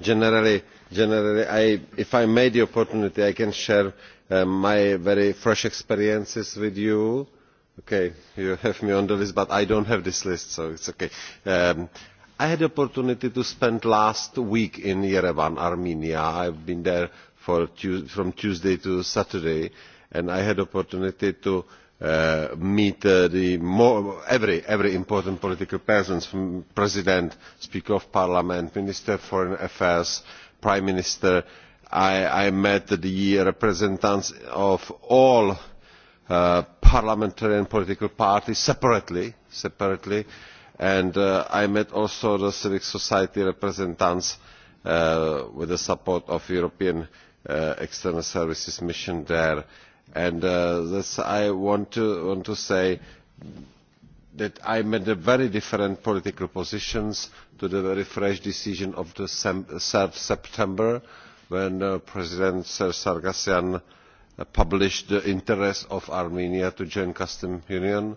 generally, generally I, if i may the opportunity i can share uh, my very fresh experiences with you. okay you have me on the list but i don't have this list so it's okay. Um, i had the opportunity to spend last week in yerevan armenia. i've been there for, from tuesday to saturday and i had the opportunity to Uh, meet uh, every, every important political presence from president speaker of parliament minister of foreign affairs prime minister. i, I met the representatives of all uh, parliamentary and political parties separately, separately and i met also the civil society representatives with the support of the european external services mission there And uh, this I want to, want to say that I am in a very different political positions to the very fresh decision of the September when uh, President President Sargsyan uh, published the interest of Armenia to join Customs Union.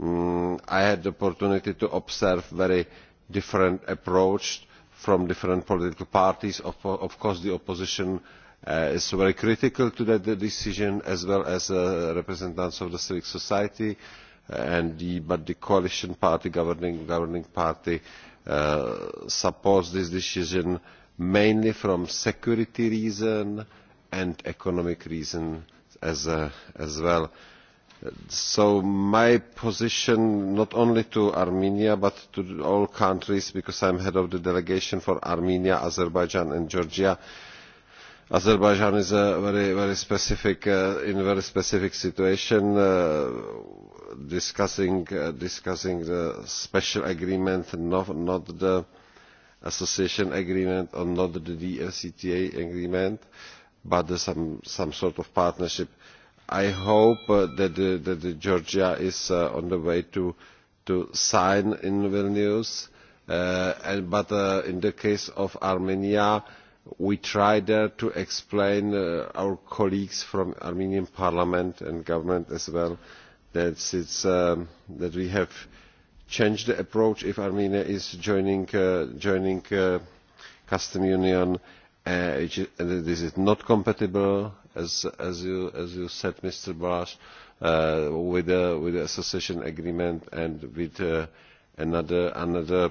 Mm, I had the opportunity to observe very different approach from different political parties, of course the opposition Uh, is very critical to that decision as well as uh, representatives of the civil society uh, and but the coalition party governing governing party supports this decision mainly from security reason and economic reason as as well so my position not only to armenia but to all countries because i am head of the delegation for armenia azerbaijan and georgia Azerbaijan is a very very specific uh, in a very specific situation uh, discussing uh, discussing the special agreement not not the association agreement or not the DFCTA agreement but some some sort of partnership i hope uh, that the, that georgia is uh, on the way to to sign in vilnius and but in the case of armenia we tried there to explain uh, our colleagues from Armenian parliament and government as well that it's um, that we have changed the approach if Armenia is joining uh, joining uh, custom union uh, and this is not compatible as as you as you said Mr Balash uh, with with the association agreement and with another another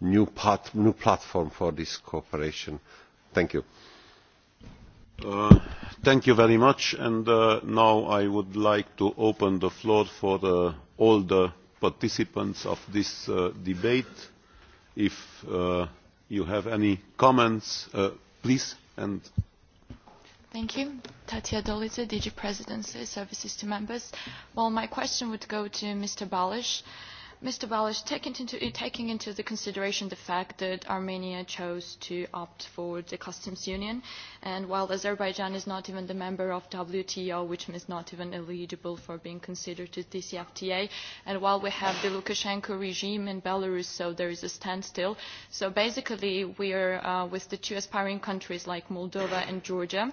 new, new platform for this cooperation. Thank you. Uh, thank you very much. And uh, now I would like to open the floor for uh, all the participants of this debate. If you have any comments, please. And Thank you. Tatia Dolice, DG Presidency, Services to Members. Well, my question would go to Mr. Balish. Mr. Balish, taking into, taking into the consideration the fact that Armenia chose to opt for the customs union, and while Azerbaijan is not even the member of WTO, which is not even eligible for being considered to DCFTA, and while we have the Lukashenko regime in Belarus, so there is a standstill. So basically, we are uh, with the two aspiring countries like Moldova and Georgia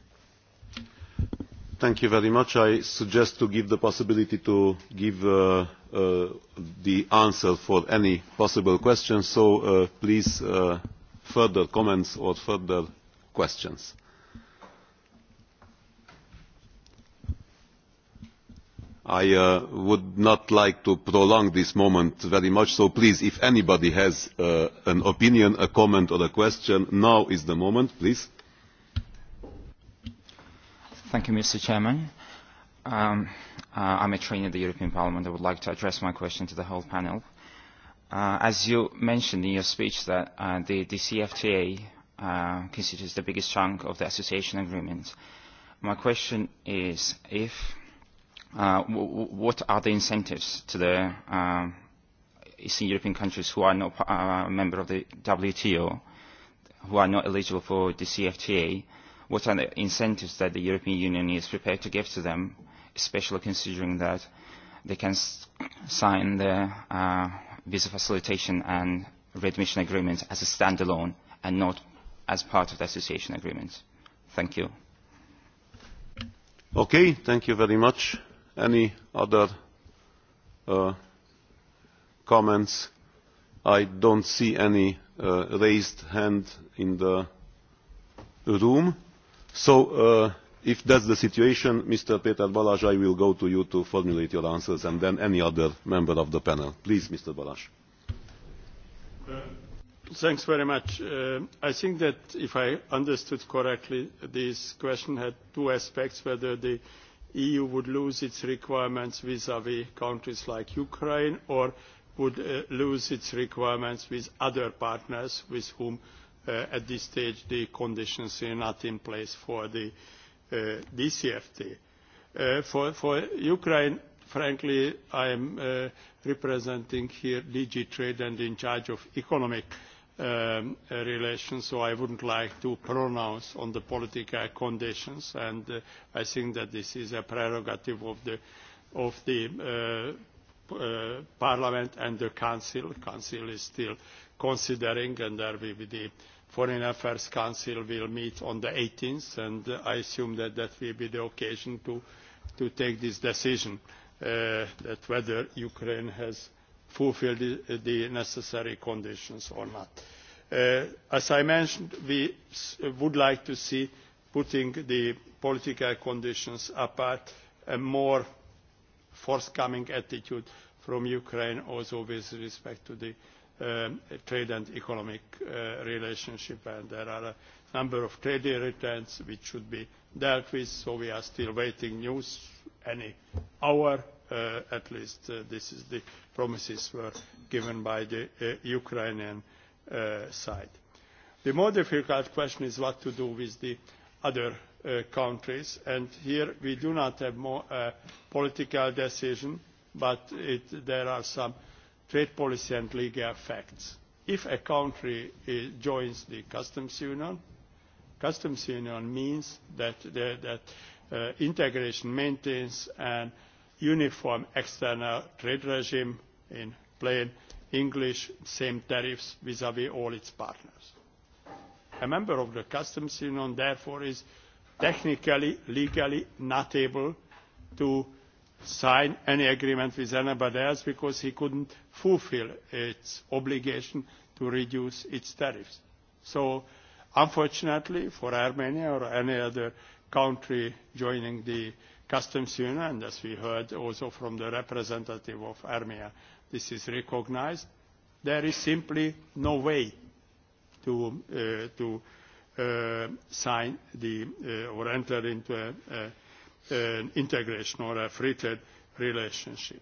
Thank you very much. I suggest to give the possibility to give uh, uh, the answer for any possible questions, So uh, please, uh, further comments or further questions. I uh, would not like to prolong this moment very much, so please, if anybody has uh, an opinion, a comment or a question, now is the moment, please. Thank you, Mr. Chairman. Um, uh, I'm a trainee at the European Parliament. I would like to address my question to the whole panel. Uh, as you mentioned in your speech that uh, the, the CFTA uh, constitutes the biggest chunk of the association agreement. My question is if uh, w what are the incentives to the uh, Eastern European countries who are not uh, a uh, member of the WTO, who are not eligible for the CFTA, what are the incentives that the European Union is prepared to give to them, especially considering that they can sign the uh, visa facilitation and readmission agreement as a standalone and not as part of the association agreement. Thank you. Okay, thank you very much. Any other uh, comments? I don't see any uh, raised hand in the room. So uh, if that is the situation, Mr. Peter Balázs, I will go to you to formulate your answers and then any other member of the panel. Please, Mr. Balázs. Uh, thanks very much. Uh, I think that if I understood correctly, this question had two aspects, whether the EU would lose its requirements vis-à-vis countries like Ukraine or would lose its requirements with other partners with whom Uh, at this stage the conditions are not in place for the DCFT. Uh, uh, for, Ukraine, frankly, I am representing here DG Trade and in charge of economic um, relations, so I wouldn't like to pronounce on the political conditions, and I think that this is a prerogative of the, of the Parliament and the Council. Council is still considering and there will be the Foreign Affairs Council will meet on the 18th and I assume that that will be the occasion to, to take this decision uh, that whether Ukraine has fulfilled the, necessary conditions or not. Uh, as I mentioned, we would like to see putting the political conditions apart a more forthcoming attitude from Ukraine also with respect to the um, trade and economic uh, relationship and there are a number of trade irritants which should be dealt with so we are still waiting news any hour uh, at least uh, this is the promises were given by the ukrainian side. the more difficult question is what to do with the other countries and here we do not have more political decision but there are some trade policy and legal effects. If a country eh, joins the customs union, customs union means that, eh, integration maintains an uniform external trade regime in plain English, same tariffs vis a vis all its partners. A member of the customs union, therefore, is technically, legally not able to sign any agreement with anybody else because he couldn't fulfill its obligation to reduce its tariffs. So unfortunately for Armenia or any other country joining the customs union, and as we heard also from the representative of Armenia, this is recognized, there is simply no way to, uh, uh, sign the, uh, or enter into a an integration or a free trade relationship.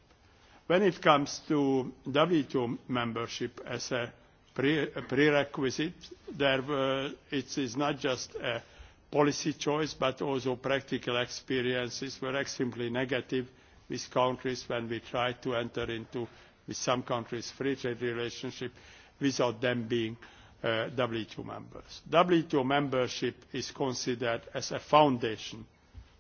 When it comes to WTO membership as a, prerequisite, there it is not just a policy choice but also practical experiences were extremely negative with countries when we tried to enter into with some countries free trade relationship without them being uh, WTO members. WTO membership is considered as a foundation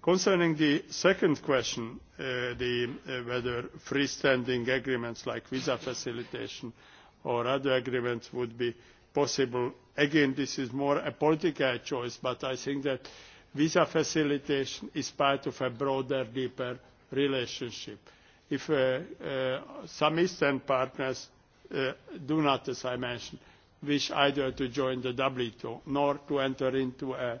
Concerning the second question, uh, uh, whether freestanding agreements like visa facilitation or other agreements would be possible, again, this is more a political choice, but I think that visa facilitation is part of a broader, deeper relationship. If uh, some Eastern partners do not, as I mentioned, wish either to join the WTO nor to enter into a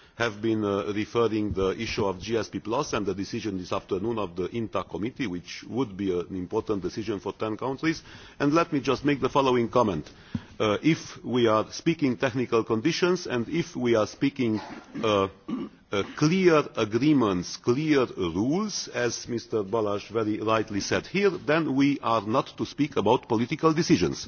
have been uh, referring to the issue of GSP Plus and the decision this afternoon of the INTA committee, which would be an important decision for ten countries. And let me just make the following comment. Uh, if we are speaking technical conditions and if we are speaking uh, clear agreements, clear rules, as Mr. Balas very rightly said here, then we are not to speak about political decisions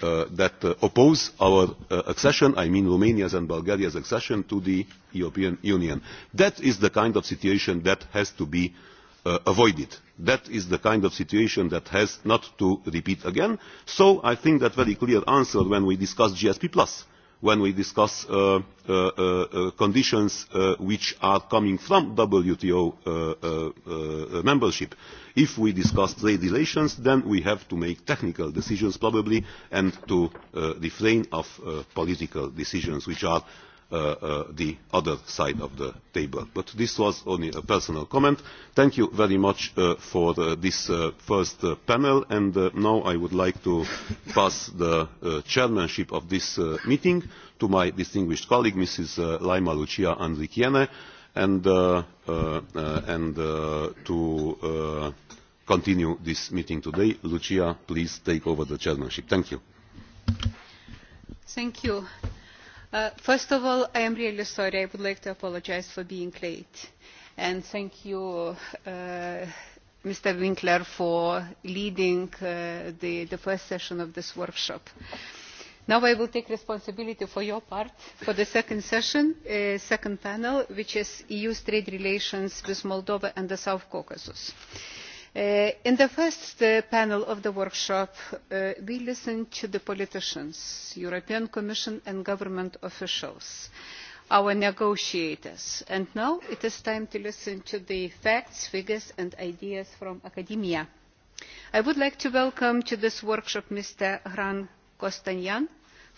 Uh, that uh, oppose our uh, accession, I mean Romania's and Bulgaria's accession to the European Union. That is the kind of situation that has to be avoided. That is the kind of situation that has not to repeat again. So I think that very clear answer when we discuss GSP when we discuss uh, uh, uh, conditions which are coming from WTO membership. If we discuss trade relations, then we have to make technical decisions probably and to refrain of political decisions which are Uh, uh, the other side of the table. But this was only a personal comment. Thank you very much uh, for uh, this uh, first uh, panel and now I would like to pass the chairmanship of this meeting to my distinguished colleague Mrs. Laima Lucia Andrikiene and, and to continue this meeting today. Lucia, please take over the chairmanship. Thank you. Thank you. Uh, first of all i am really sorry i would like to apologise for being late and thank you uh, mr winkler for leading uh, the, first session of this workshop. now i will take responsibility for your part for the second session the second panel which is EU trade relations with moldova and the south caucasus. Eh, in the first eh, panel of the workshop eh, we listened to the politicians european commission and government officials our negotiators and now it is time to listen to the facts figures and ideas from academia. i would like to welcome to this workshop mr Hran kostanyan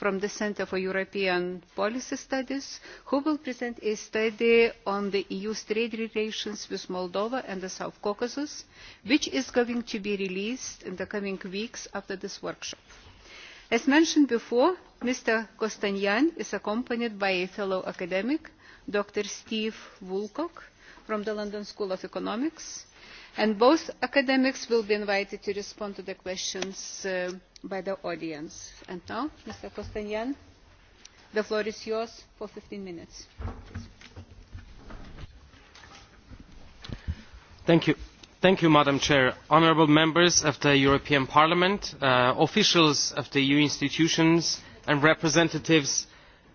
from the Centre for European Policy Studies, who will present a study on the EU's trade relations with Moldova and the South Caucasus, which is going to be released in the coming weeks after this workshop. As mentioned before, Mr. Kostanyan is accompanied by a fellow academic, Dr. Steve Woolcock, from the London School of Economics, and both academics will be invited to respond to the questions uh, by the audience. And now, Mr. Kostanyan, the floor is yours for 15 minutes. Thank you. Thank you, Madam Chair. Honourable members of the European Parliament, uh, officials of the EU institutions and representatives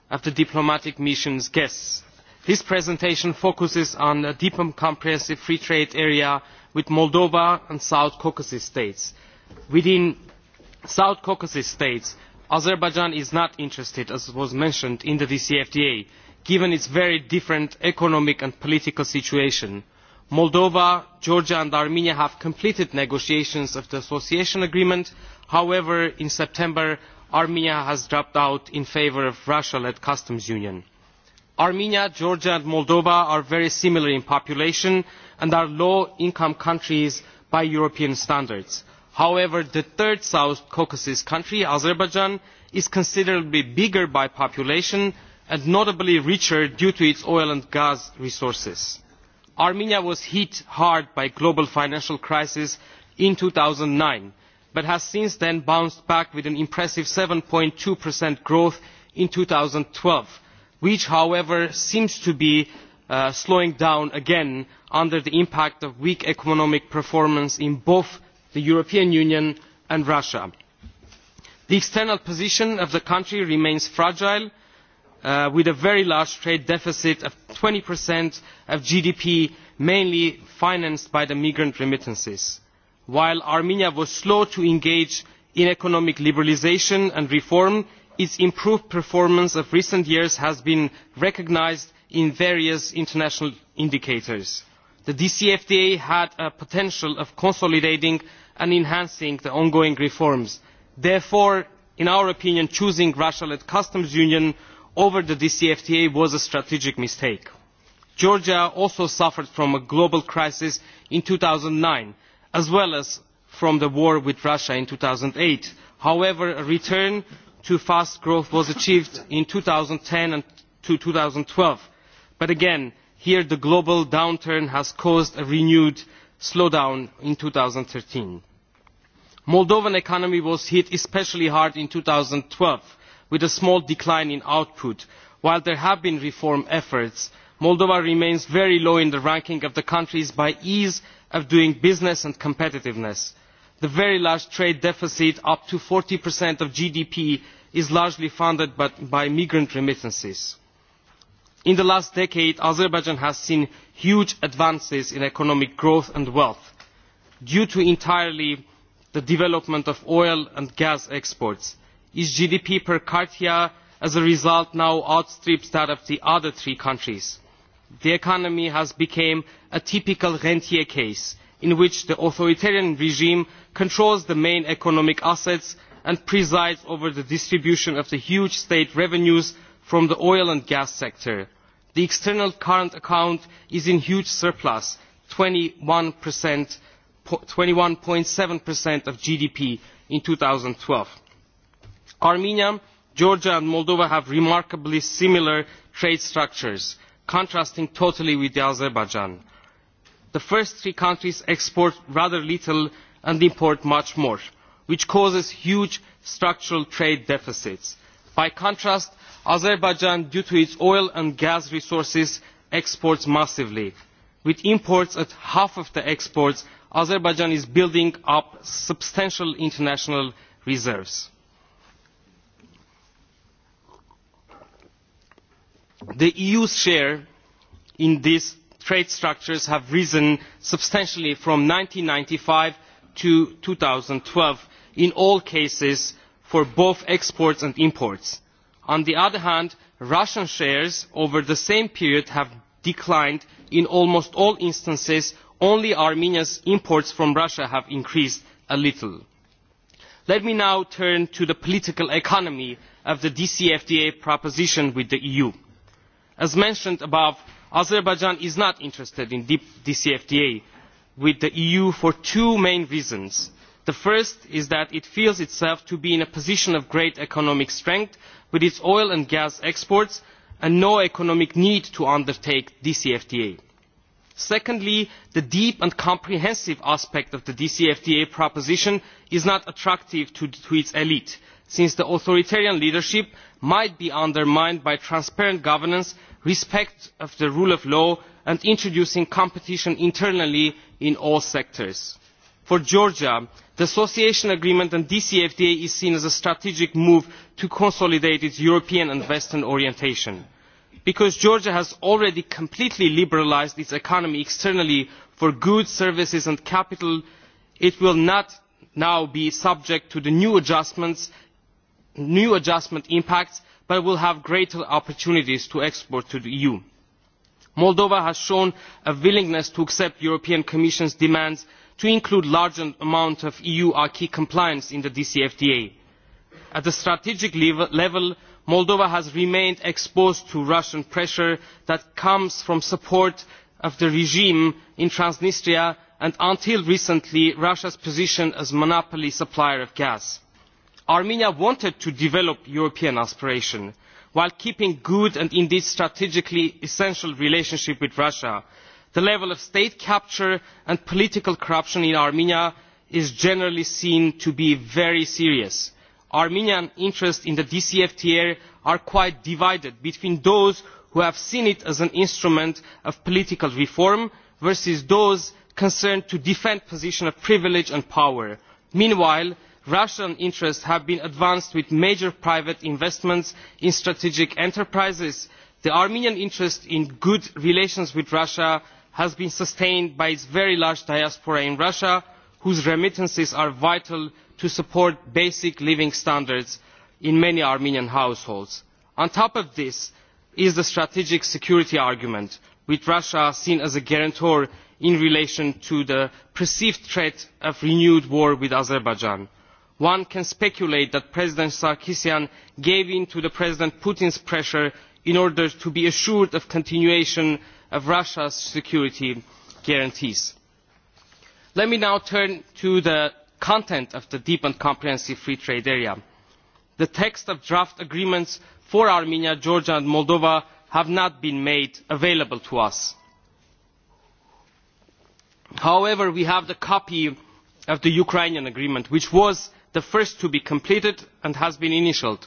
of the diplomatic missions guests. This presentation focuses on a deep and comprehensive free trade area with Moldova and South Caucasus states. Within south caucasus states azerbaijan is not interested as was mentioned in the dcfta given its very different economic and political situation. moldova georgia and armenia have completed negotiations of the association agreement. however in september armenia has dropped out in favour of russia led customs union. armenia georgia and moldova are very similar in population and are low income countries by european standards however the third south caucasus country azerbaijan is considerably bigger by population and notably richer due to its oil and gas resources. armenia was hit hard by the global financial crisis in two thousand and nine but has since then bounced back with an impressive. seven two growth in two thousand and twelve which however seems to be uh, slowing down again under the impact of weak economic performance in both the european union and russia. the external position of the country remains fragile uh, with a very large trade deficit of twenty of gdp mainly financed by the migrant remittances. while armenia was slow to engage in economic liberalisation and reform its improved performance of recent years has been recognised in various international indicators. the dcfta had a potential of consolidating and enhancing the ongoing reforms. therefore in our opinion choosing russia led customs union over the dcfta was a strategic mistake. georgia also suffered from a global crisis in two thousand nine as well as from the war with russia in. two thousand eight however a return to fast growth was achieved in two and ten and two twelve but again here the global downturn has caused a renewed slowdown in. two thousand and thirteen the moldovan economy was hit especially hard in two thousand and twelve with a small decline in output. while there have been reform efforts moldova remains very low in the ranking of the countries by ease of doing business and competitiveness. the very large trade deficit up to forty of gdp is largely funded by migrant remittances in the last decade azerbaijan has seen huge advances in economic growth and wealth due to entirely the development of oil and gas exports. its gdp per capita as a result now outstrips that of the other three countries. the economy has become a typical rentier case in which the authoritarian regime controls the main economic assets and presides over the distribution of the huge state revenues from the oil and gas sector the external current account is in huge surplus twenty one seven of gdp in. two thousand and twelve armenia georgia and moldova have remarkably similar trade structures contrasting totally with azerbaijan. the first three countries export rather little and import much more which causes huge structural trade deficits. by contrast Azerbaijan, due to its oil and gas resources, exports massively. With imports at half of the exports, Azerbaijan is building up substantial international reserves. The EU's share in these trade structures have risen substantially from and ninety five to and twelve in all cases for both exports and imports on the other hand russian shares over the same period have declined in almost all instances only armenia's imports from russia have increased a little. let me now turn to the political economy of the dcfta proposition with the eu. as mentioned above azerbaijan is not interested in deep dcfta with the eu for two main reasons the first is that it feels itself to be in a position of great economic strength with its oil and gas exports and no economic need to undertake dcfta. secondly the deep and comprehensive aspect of the dcfta proposition is not attractive to, its elite since the authoritarian leadership might be undermined by transparent governance respect for the rule of law and introducing competition internally in all sectors for georgia the association agreement and dcfta is seen as a strategic move to consolidate its european and western orientation. because georgia has already completely liberalised its economy externally for goods services and capital it will not now be subject to the new new adjustment impacts but will have greater opportunities to export to the eu. moldova has shown a willingness to accept the european commission's demands to include large amounts of eu acquis compliance in the dcfta. at the strategic level moldova has remained exposed to russian pressure that comes from support of the regime in transnistria and until recently russia's position as a monopoly supplier of gas. armenia wanted to develop european aspirations while keeping good and indeed strategically essential relationship with russia the level of state capture and political corruption in armenia is generally seen to be very serious. armenian interests in the dcfta are quite divided between those who have seen it as an instrument of political reform versus those concerned to defend position of privilege and power. meanwhile russian interests have been advanced with major private investments in strategic enterprises. the armenian interest in good relations with russia has been sustained by its very large diaspora in russia whose remittances are vital to support basic living standards in many armenian households. on top of this is the strategic security argument with russia seen as a guarantor in relation to the perceived threat of renewed war with azerbaijan. one can speculate that president Sarkisian gave in to president putin's pressure in order to be assured of continuation of russia's security guarantees. let me now turn to the content of the deep and comprehensive free trade area. the text of draft agreements for armenia georgia and moldova have not been made available to us. however we have the copy of the ukrainian agreement which was the first to be completed and has been initialled.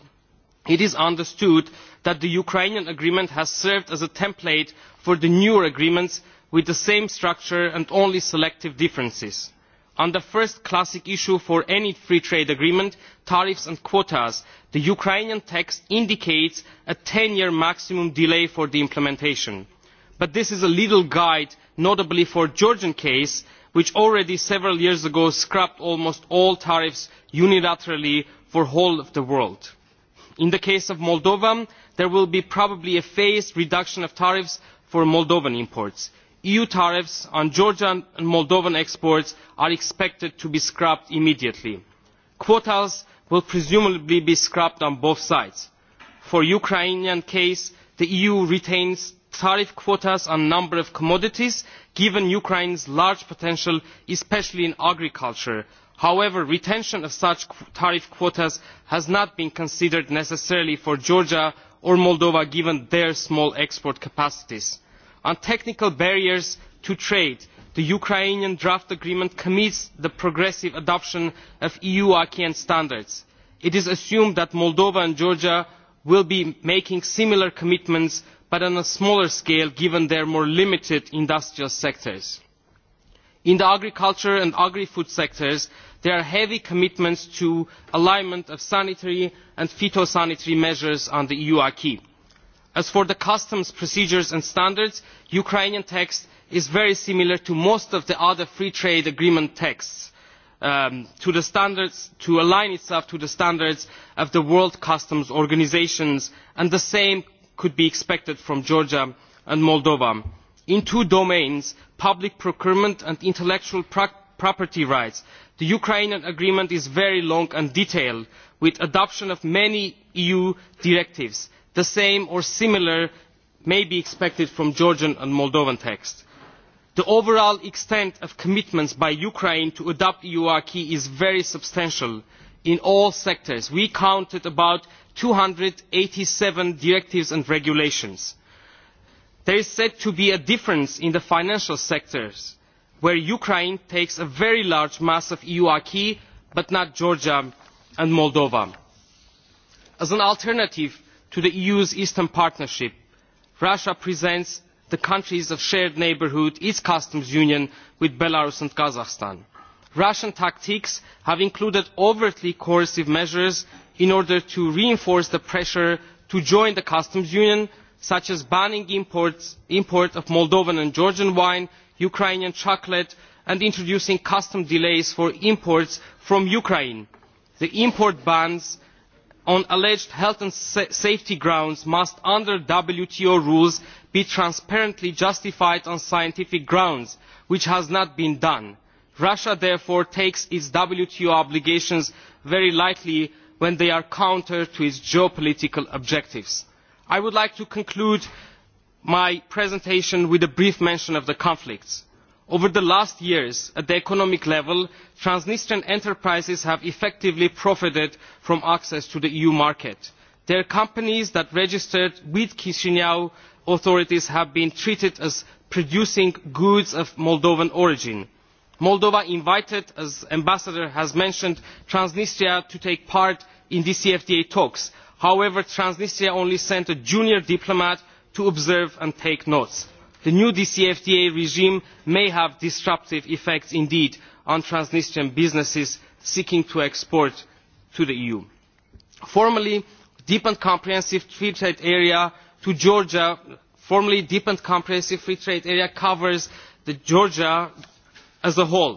it is understood that the ukrainian agreement has served as a template for the newer agreements with the same structure and only selective differences. on the first classic issue for any free trade agreement tariffs and quotas the ukrainian text indicates a ten year maximum delay for the implementation but this is a legal guide notably for the georgian case which already several years ago scrapped almost all tariffs unilaterally for the whole of the world in the case of moldova there will be probably a phased reduction of tariffs for moldovan imports. eu tariffs on georgian and moldovan exports are expected to be scrapped immediately. quotas will presumably be scrapped on both sides. for the ukrainian case the eu retains tariff quotas on a number of commodities given ukraine's large potential especially in agriculture however retention of such tariff quotas has not been considered necessarily for georgia or moldova given their small export capacities. on technical barriers to trade the ukrainian draft agreement commits the progressive adoption of eu acquis standards. it is assumed that moldova and georgia will be making similar commitments but on a smaller scale given their more limited industrial sectors in the agriculture and agri food sectors there are heavy commitments to alignment of sanitary and phytosanitary measures on the eu acquis. as for the customs procedures and standards the ukrainian text is very similar to most of the other free trade agreement texts um, to, the standards, to align itself to the standards of the world customs organisations and the same could be expected from georgia and moldova in two domains public procurement and intellectual property rights. the ukrainian agreement is very long and detailed with the adoption of many eu directives. the same or similar may be expected from georgian and moldovan texts. the overall extent of commitments by ukraine to adopt eu acquis is very substantial in all sectors. we counted about two hundred and eighty seven directives and regulations there is said to be a difference in the financial sectors where ukraine takes a very large mass of eu acquis but not georgia and moldova. as an alternative to the eu's eastern partnership russia presents the countries of shared neighbourhood its customs union with belarus and kazakhstan. russian tactics have included overtly coercive measures in order to reinforce the pressure to join the customs union such as banning the import of moldovan and georgian wine ukrainian chocolate and introducing custom delays for imports from ukraine. the import bans on alleged health and safety grounds must under wto rules be transparently justified on scientific grounds which has not been done. russia therefore takes its wto obligations very lightly when they are counter to its geopolitical objectives i would like to conclude my presentation with a brief mention of the conflicts. over the last years at the economic level transnistrian enterprises have effectively profited from access to the eu market. their companies that registered with chiinu authorities have been treated as producing goods of moldovan origin. moldova invited as the ambassador has mentioned transnistria to take part in the cfta talks however transnistria only sent a junior diplomat to observe and take notes. the new dcfta regime may have disruptive effects indeed on transnistrian businesses seeking to export to the eu. formally deep and comprehensive free trade area to georgia formally deep and comprehensive free trade area covers the georgia as a whole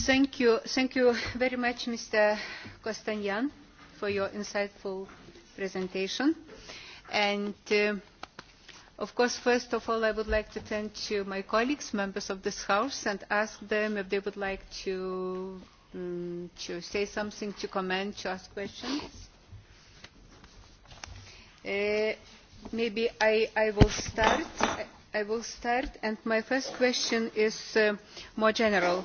Thank you, very much, Mr. Kostanian, for your insightful presentation. And uh, of course, first of all, I would like to turn to my colleagues, members of this House, and ask them if they would like to, mm, to say something, to comment, to ask questions. Uh, maybe I, I will start. I will start, and my first question is uh, more general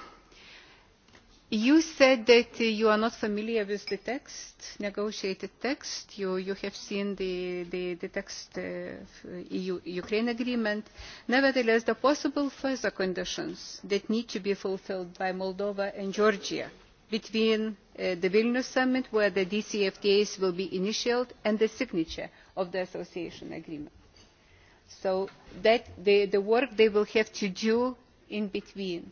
you said that you are not familiar with the text negotiated text you have seen the the, text uh, of eu ukraine agreement nevertheless the possible further conditions that need to be fulfilled by moldova and georgia between uh, the vilnius summit where the dcftas will be initialed and the signature of the association agreement so that the the work they will have to do in between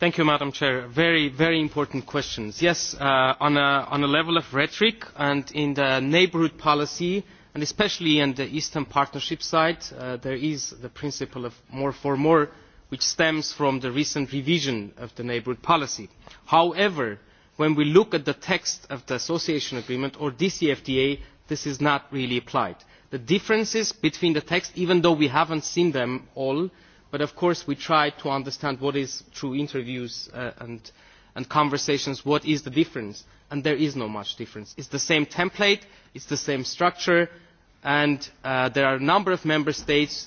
Madam President, Very, very important questions. Yes, uh, on, a, level of rhetoric and in the neighbourhood policy, and especially on the Eastern Partnership side, uh, there is the principle of more for more, which stems from the recent revision of the neighbourhood policy. However, when we look at the text of the association agreement or DCFTA, this is not really applied. The differences between the text, even though we have not seen them all, but of course we try to understand what is true interviews uh, and, conversations what is the difference and there is no much difference. it is the same template it is the same structure and uh, there are a number of member states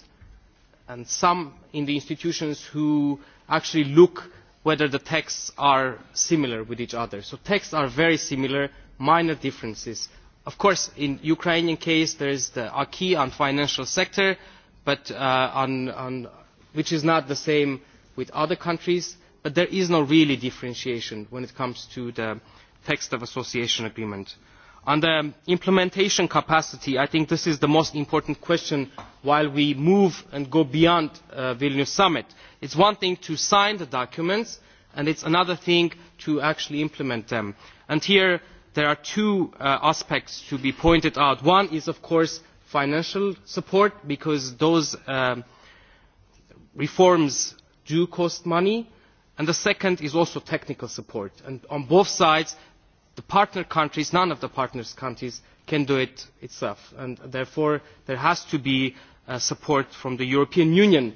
and some in the institutions who actually look whether the texts are similar with each other. so texts are very similar minor differences. of course in the ukrainian case there is the acquis on the financial sector but uh, on which is not the same with other countries but there is no really differentiation when it comes to the text of association agreement. on the implementation capacity i think this is the most important question while we move and go beyond the uh, vilnius summit. it is one thing to sign the documents and it is another thing to actually implement them. And here there are two uh, aspects to be pointed out. one is of course financial support because those um, reforms do cost money and the second is also technical support and on both sides the partner countries none of the partner countries can do it itself and therefore there has to be uh, support from the european union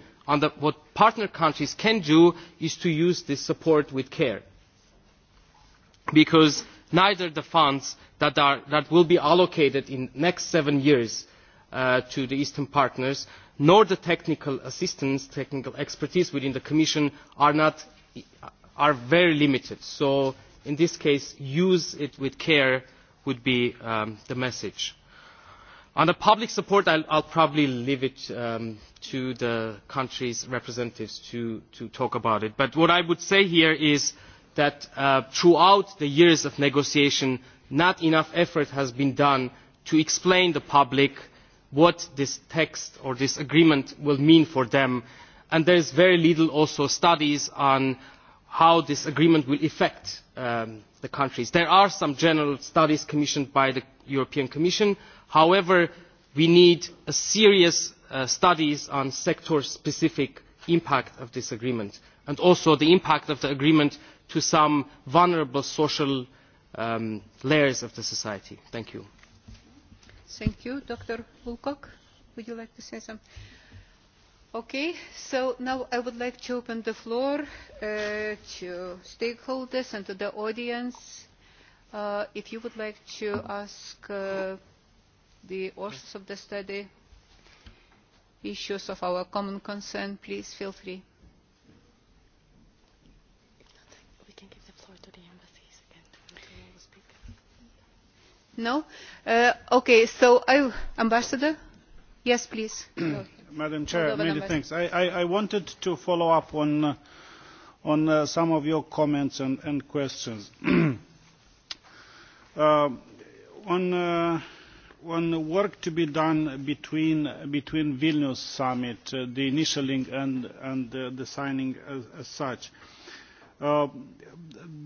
what partner countries can do is to use this support with care because neither the funds that, that will be allocated in the next seven years Uh, to the eastern partners nor the technical assistance technical expertise within the commission are, very limited so in this case use it with care would be um, the message. on the public support i will probably leave it um, to the country's representatives to, to talk about it but what i would say here is that uh, throughout the years of negotiation not enough effort has been done to explain the public what this text or this agreement will mean for them and there is very little studies on how this agreement will affect um, the countries. there are some general studies commissioned by the european commission however we need serious uh, studies on sector specific impact of this agreement and also the impact of the agreement to some vulnerable social um, layers of the society. thank you. Thank you. Dr. Woolcock, would you like to say something? Okay, so now I would like to open the floor uh, to stakeholders and to the audience. Uh, if you would like to ask uh, the authors of the study issues of our common concern, please feel free. no? Uh, okay, so I, Ambassador? Yes, please. Madam Chair, thanks. I, I, I wanted to follow up on, uh, on uh, some of your comments and, questions. on, on the work to be done between, between Vilnius summit, the initialing and, the signing as, such, Uh,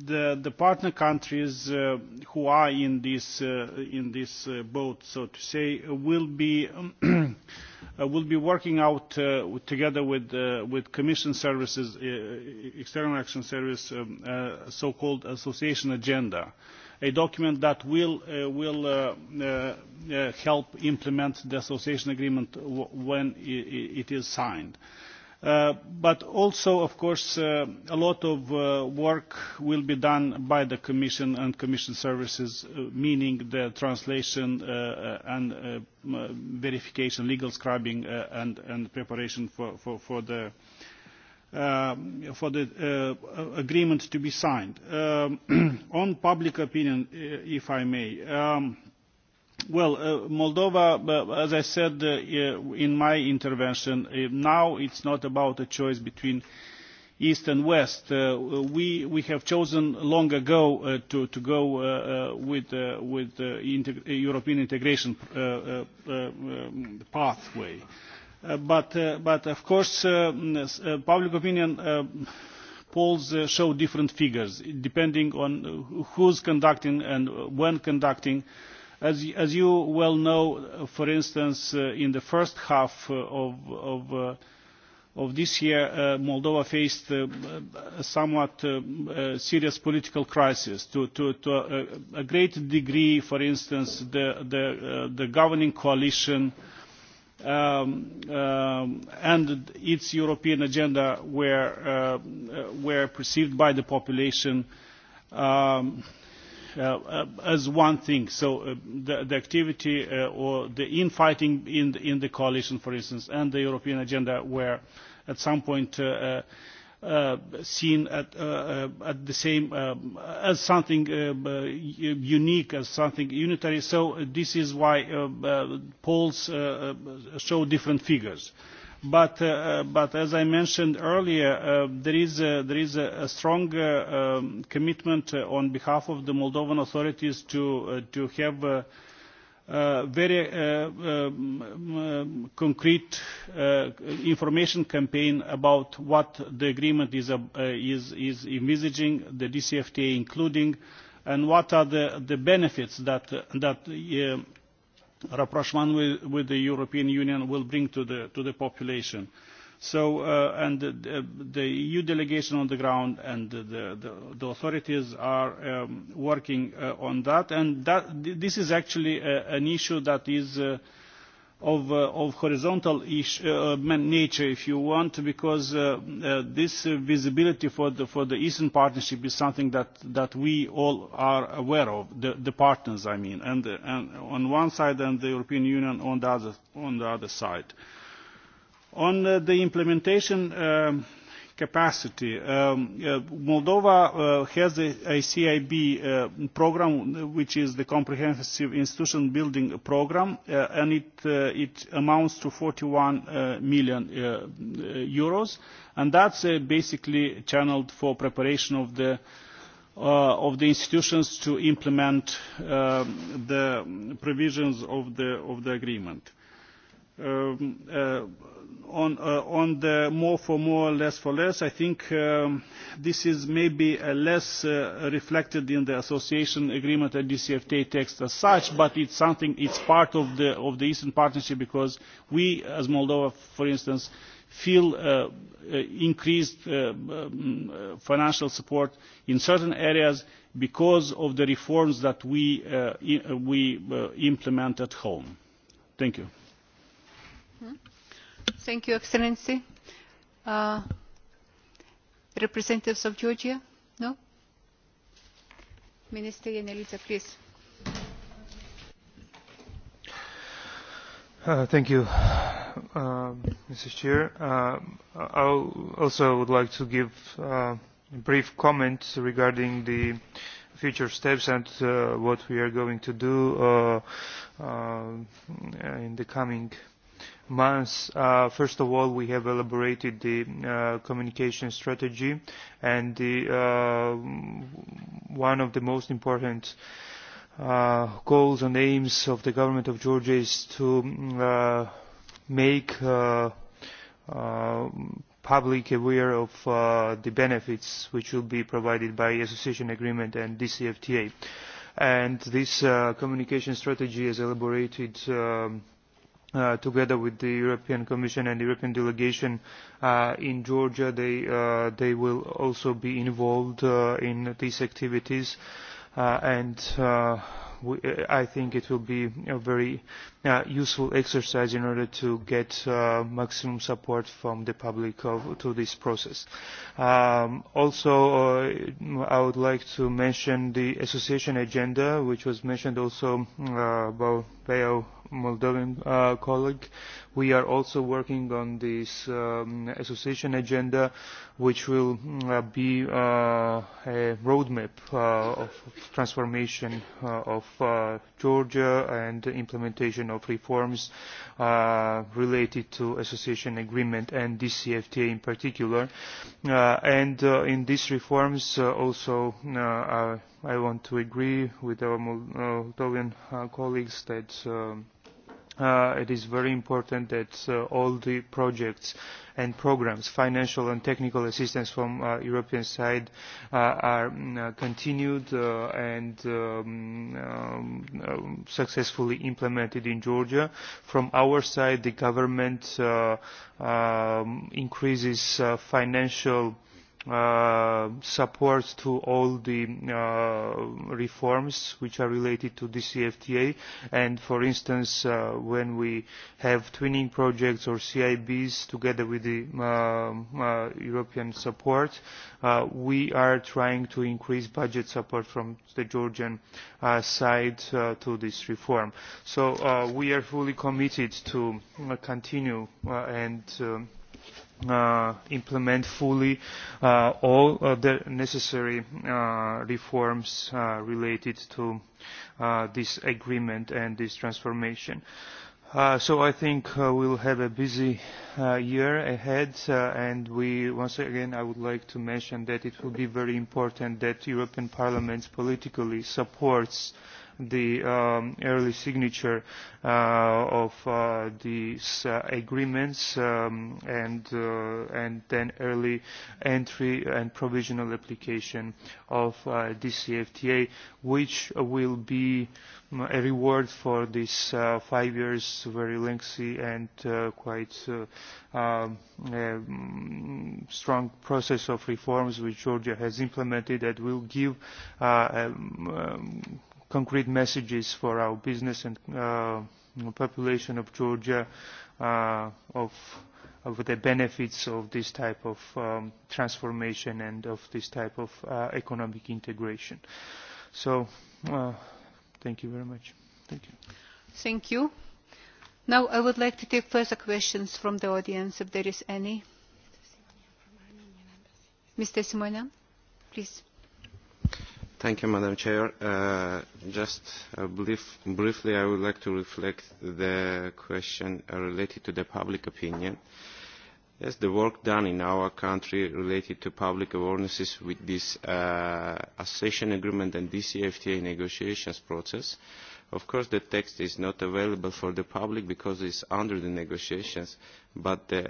the, the partner countries uh, who are in this uh, in this uh, boat, so to say, will be um, uh, will be working out together with with Commission services, External Action Service, um, so-called association agenda, a document that will will help implement the association agreement when it is signed Uh, but also, of course, uh, a lot of uh, work will be done by the Commission and Commission services, uh, meaning the translation and verification, legal scribing, and, and preparation for, for, for the, um, for the agreement to be signed. Um, on public opinion, if I may. Um, Well, uh, Moldova, uh, as I said uh, uh in my intervention, uh, now it's not about a choice between East and West. We, we have chosen long ago to, to go with the integ European integration um, pathway. But, but of course, public opinion polls show different figures depending on who's conducting and when conducting As, you well know, for instance, uh, in the first half uh, uh, of, this year, Moldova faced a somewhat serious political crisis. To, a, great degree, for instance, the, governing coalition um, um, and its European agenda were, perceived by the population um, Uh, uh, as one thing. So uh, the, the activity or the infighting in the, in the coalition, for instance, and the European agenda were at some point seen at, the same um, as something unique, as something unitary. So this is why polls show different figures. But, uh, but as I mentioned earlier, uh, there is a, there is a, strong uh, um, commitment on behalf of the Moldovan authorities to, to have Uh, very um, um, concrete information campaign about what the agreement is, is, is envisaging, the DCFTA including, and what are the, the benefits that, that rapprochement with, with the European Union will bring to the, to the population. So, uh, and the, EU e delegation on the ground and the, the, authorities are um, working uh, on that. And this is actually uh, an issue that is of, uh, of horizontal ish, uh, nature, if you want, because uh, uh, this visibility for the, for the Eastern Partnership is something that, that we all are aware of, the, the partners, I mean, and, uh, and on one side and the European Union on the other, on the other side. On uh, the implementation, um, capacity. Um, uh, Moldova uh, has a, a CIB uh, program, which is the Comprehensive Institution Building Program, uh, and it, uh, it amounts to 41 uh, million euros, and that's basically channeled for preparation of the of the institutions to implement um, the provisions of the of the agreement. Um, on uh, on the more for more less for less i think um, this is maybe less uh, reflected in the association agreement and dcfta text as such but it's something it's part of the of the eastern partnership because we as moldova for instance feel uh, increased um, financial support in certain areas because of the reforms that we uh, we implement at home thank you hmm? Thank you, Excellency. Uh, representatives of Georgia? No? Minister Yeneliza, please. Uh, thank you, uh, Mrs. Chair. Uh, I also would like to give uh, a brief comment regarding the future steps and uh, what we are going to do uh, uh, in the coming months uh, first of all we have elaborated the uh, communication strategy and the, uh, one of the most important uh, goals and aims of the government of Georgia is to mm, uh, make uh, public aware of the benefits which will be provided by association agreement and DCFTA and this communication strategy is elaborated um, Uh, together with the European Commission and the European delegation uh, in Georgia. They, uh, they will also be involved in these activities. and I think it will be a very useful exercise in order to get maximum support from the public of, to this process. Um, also, I would like to mention the association agenda, which was mentioned also uh, by, by Moldovan uh, colleague. We are also working on this um, association agenda, which will uh, be uh, a roadmap uh, of transformation uh, of uh, Georgia and implementation of reforms uh, related to association agreement and DCFTA in particular. Uh, and uh, in these reforms uh, also uh, I want to agree with our uh, Moldovan uh, colleagues that um, Uh, it is very important that uh, all the projects and programs, financial and technical assistance from the uh, European side are mm, continued and um, um, successfully implemented in Georgia. From our side, the government um, increases financial uh, support to all the uh, reforms which are related to the CFTA and for instance uh, when we have twinning projects or CIBs together with the uh, uh, European support uh, we are trying to increase budget support from the Georgian uh, side uh, to this reform so uh, we are fully committed to uh, continue uh, and um, uh, implement fully uh, all uh, the necessary uh, reforms uh, related to uh, this agreement and this transformation. Uh, so I think uh, we'll have a busy uh, year ahead uh, and we once again I would like to mention that it will be very important that European Parliament politically supports the um, early signature uh, of uh, these uh, agreements um, and, uh, and then early entry and provisional application of uh, DCFTA, which will be mm, a reward for this uh, five years very lengthy and uh, quite uh, um, mm, strong process of reforms which Georgia has implemented that will give uh, mm, um, concrete messages for our business and uh, population of Georgia uh, of, of the benefits of this type of um, transformation and of this type of uh, economic integration. So, uh, thank you very much. Thank you. Thank you. Now I would like to take further questions from the audience, if there is any. Mr. Simonian, please. Thank you, Madam Chair. Uh, just uh, brief, briefly, I would like to reflect the question related to the public opinion. Yes, the work done in our country related to public awarenesses with this uh, accession agreement and DCFTA e negotiations process. Of course, the text is not available for the public because it's under the negotiations, but the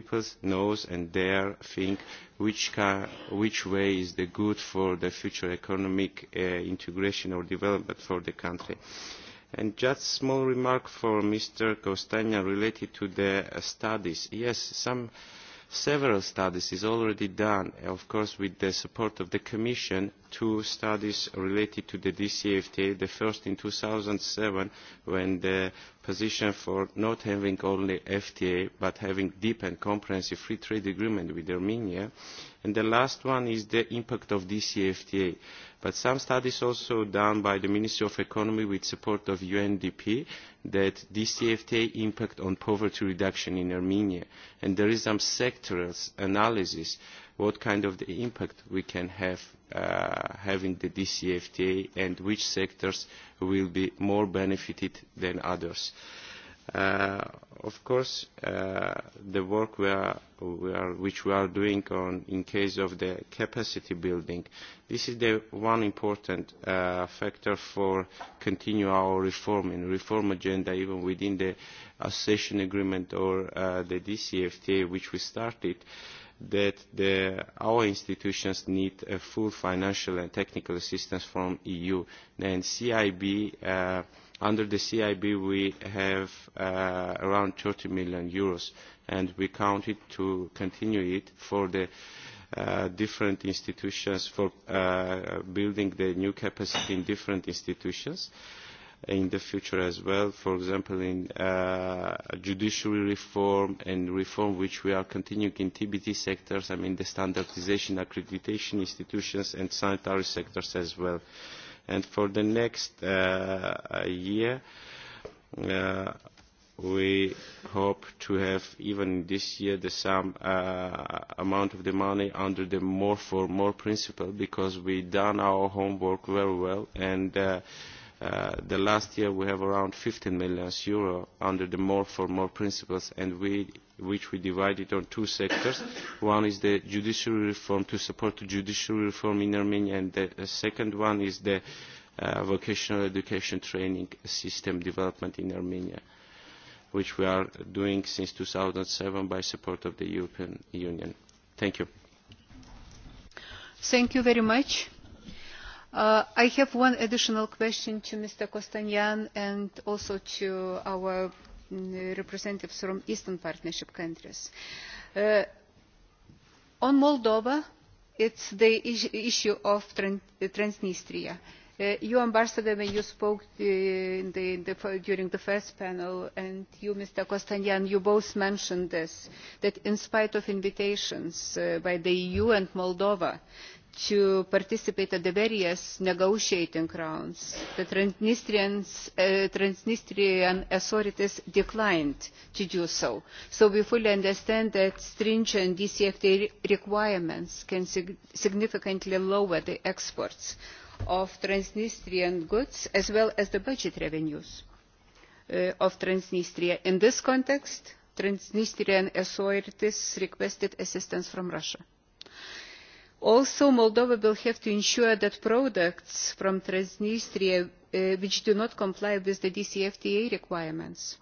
people knows and dare think which, car, which way is the good for the future economic uh, integration or development for the country. And just a small remark for Mr. Costagna related to the uh, studies. Yes, some several studies is already done of course with the support of the commission two studies related to the dcfta the first in 2007 when the position for not having only fta but having deep and comprehensive free trade agreement with armenia and the last one is the impact of dcfta but some studies also done by the Ministry of Economy with support of UNDP that DCFTA impact on poverty reduction in Armenia. And there is some sectoral analysis what kind of impact we can have uh, having the DCFTA and which sectors will be more benefited than others. Uh, of course uh, the work we are, we are, which we are doing on in case of the capacity building this is the one important uh, factor for continue our reform and reform agenda even within the accession agreement or uh, the DCFTA which we started that the, our institutions need a full financial and technical assistance from EU and CIB uh, Under the CIB, we have uh, around 30 million euros, and we count it to continue it for the uh, different institutions for uh, building the new capacity in different institutions in the future as well, for example, in uh, judiciary reform and reform which we are continuing in TBT sectors, I mean the standardization, accreditation institutions and sanitary sectors as well and for the next uh, year uh, we hope to have even this year the same uh, amount of the money under the more for more principle because we done our homework very well and uh, Uh, the last year we have around EUR 15 million under the more for more principles and which we divided on two sectors. One is the judiciary reform to support judicial reform in Armenia and the second one is the uh, vocational education training system development in Armenia which we are doing since 2007 by support of the European Union. Thank you. Thank you very much. Uh, I have one additional question to Mr. Kostanyan and also to our mm, representatives from Eastern Partnership countries. Uh, on Moldova, it's the issue of Transnistria. Uh, you, Ambassador, when you spoke during the first panel, and you, Mr. Kostanyan, you both mentioned this, that in spite of invitations by the EU and Moldova to participate at the various negotiating rounds. The uh, Transnistrian authorities declined to do so. So we fully understand that stringent DCFTA requirements can sig significantly lower the exports of Transnistrian goods as well as the budget revenues uh, of Transnistria. In this context, Transnistrian authorities requested assistance from Russia also moldova will have to ensure that products from transnistria uh, which do not comply with the dcfta requirements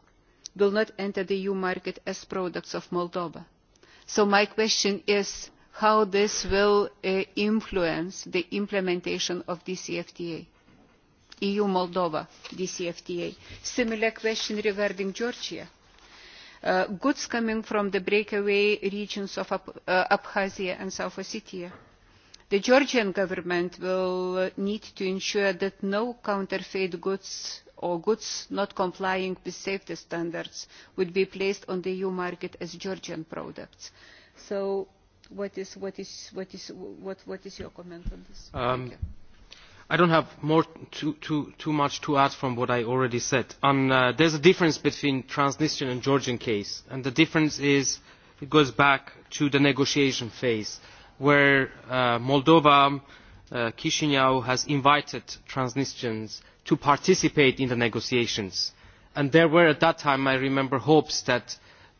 will not enter the eu market as products of moldova. so my question is how this will uh, influence the implementation of dcfta eu moldova dcfta. similar question regarding georgia. Uh, goods coming from the breakaway regions of abkhazia and south ossetia the georgian government will uh, need to ensure that no counterfeit goods or goods not complying with safety standards would be placed on the eu market as georgian products. so what is, what is, what is, what, is your comment on this? Um, I don't have more too, too, much to add from what I already said. There uh, is there's a difference between Transnistrian and Georgian case, and the difference is it goes back to the negotiation phase where uh, Moldova, uh, Chisinau has invited Transnistrians to participate in the negotiations. And there were at that time, I remember, hopes that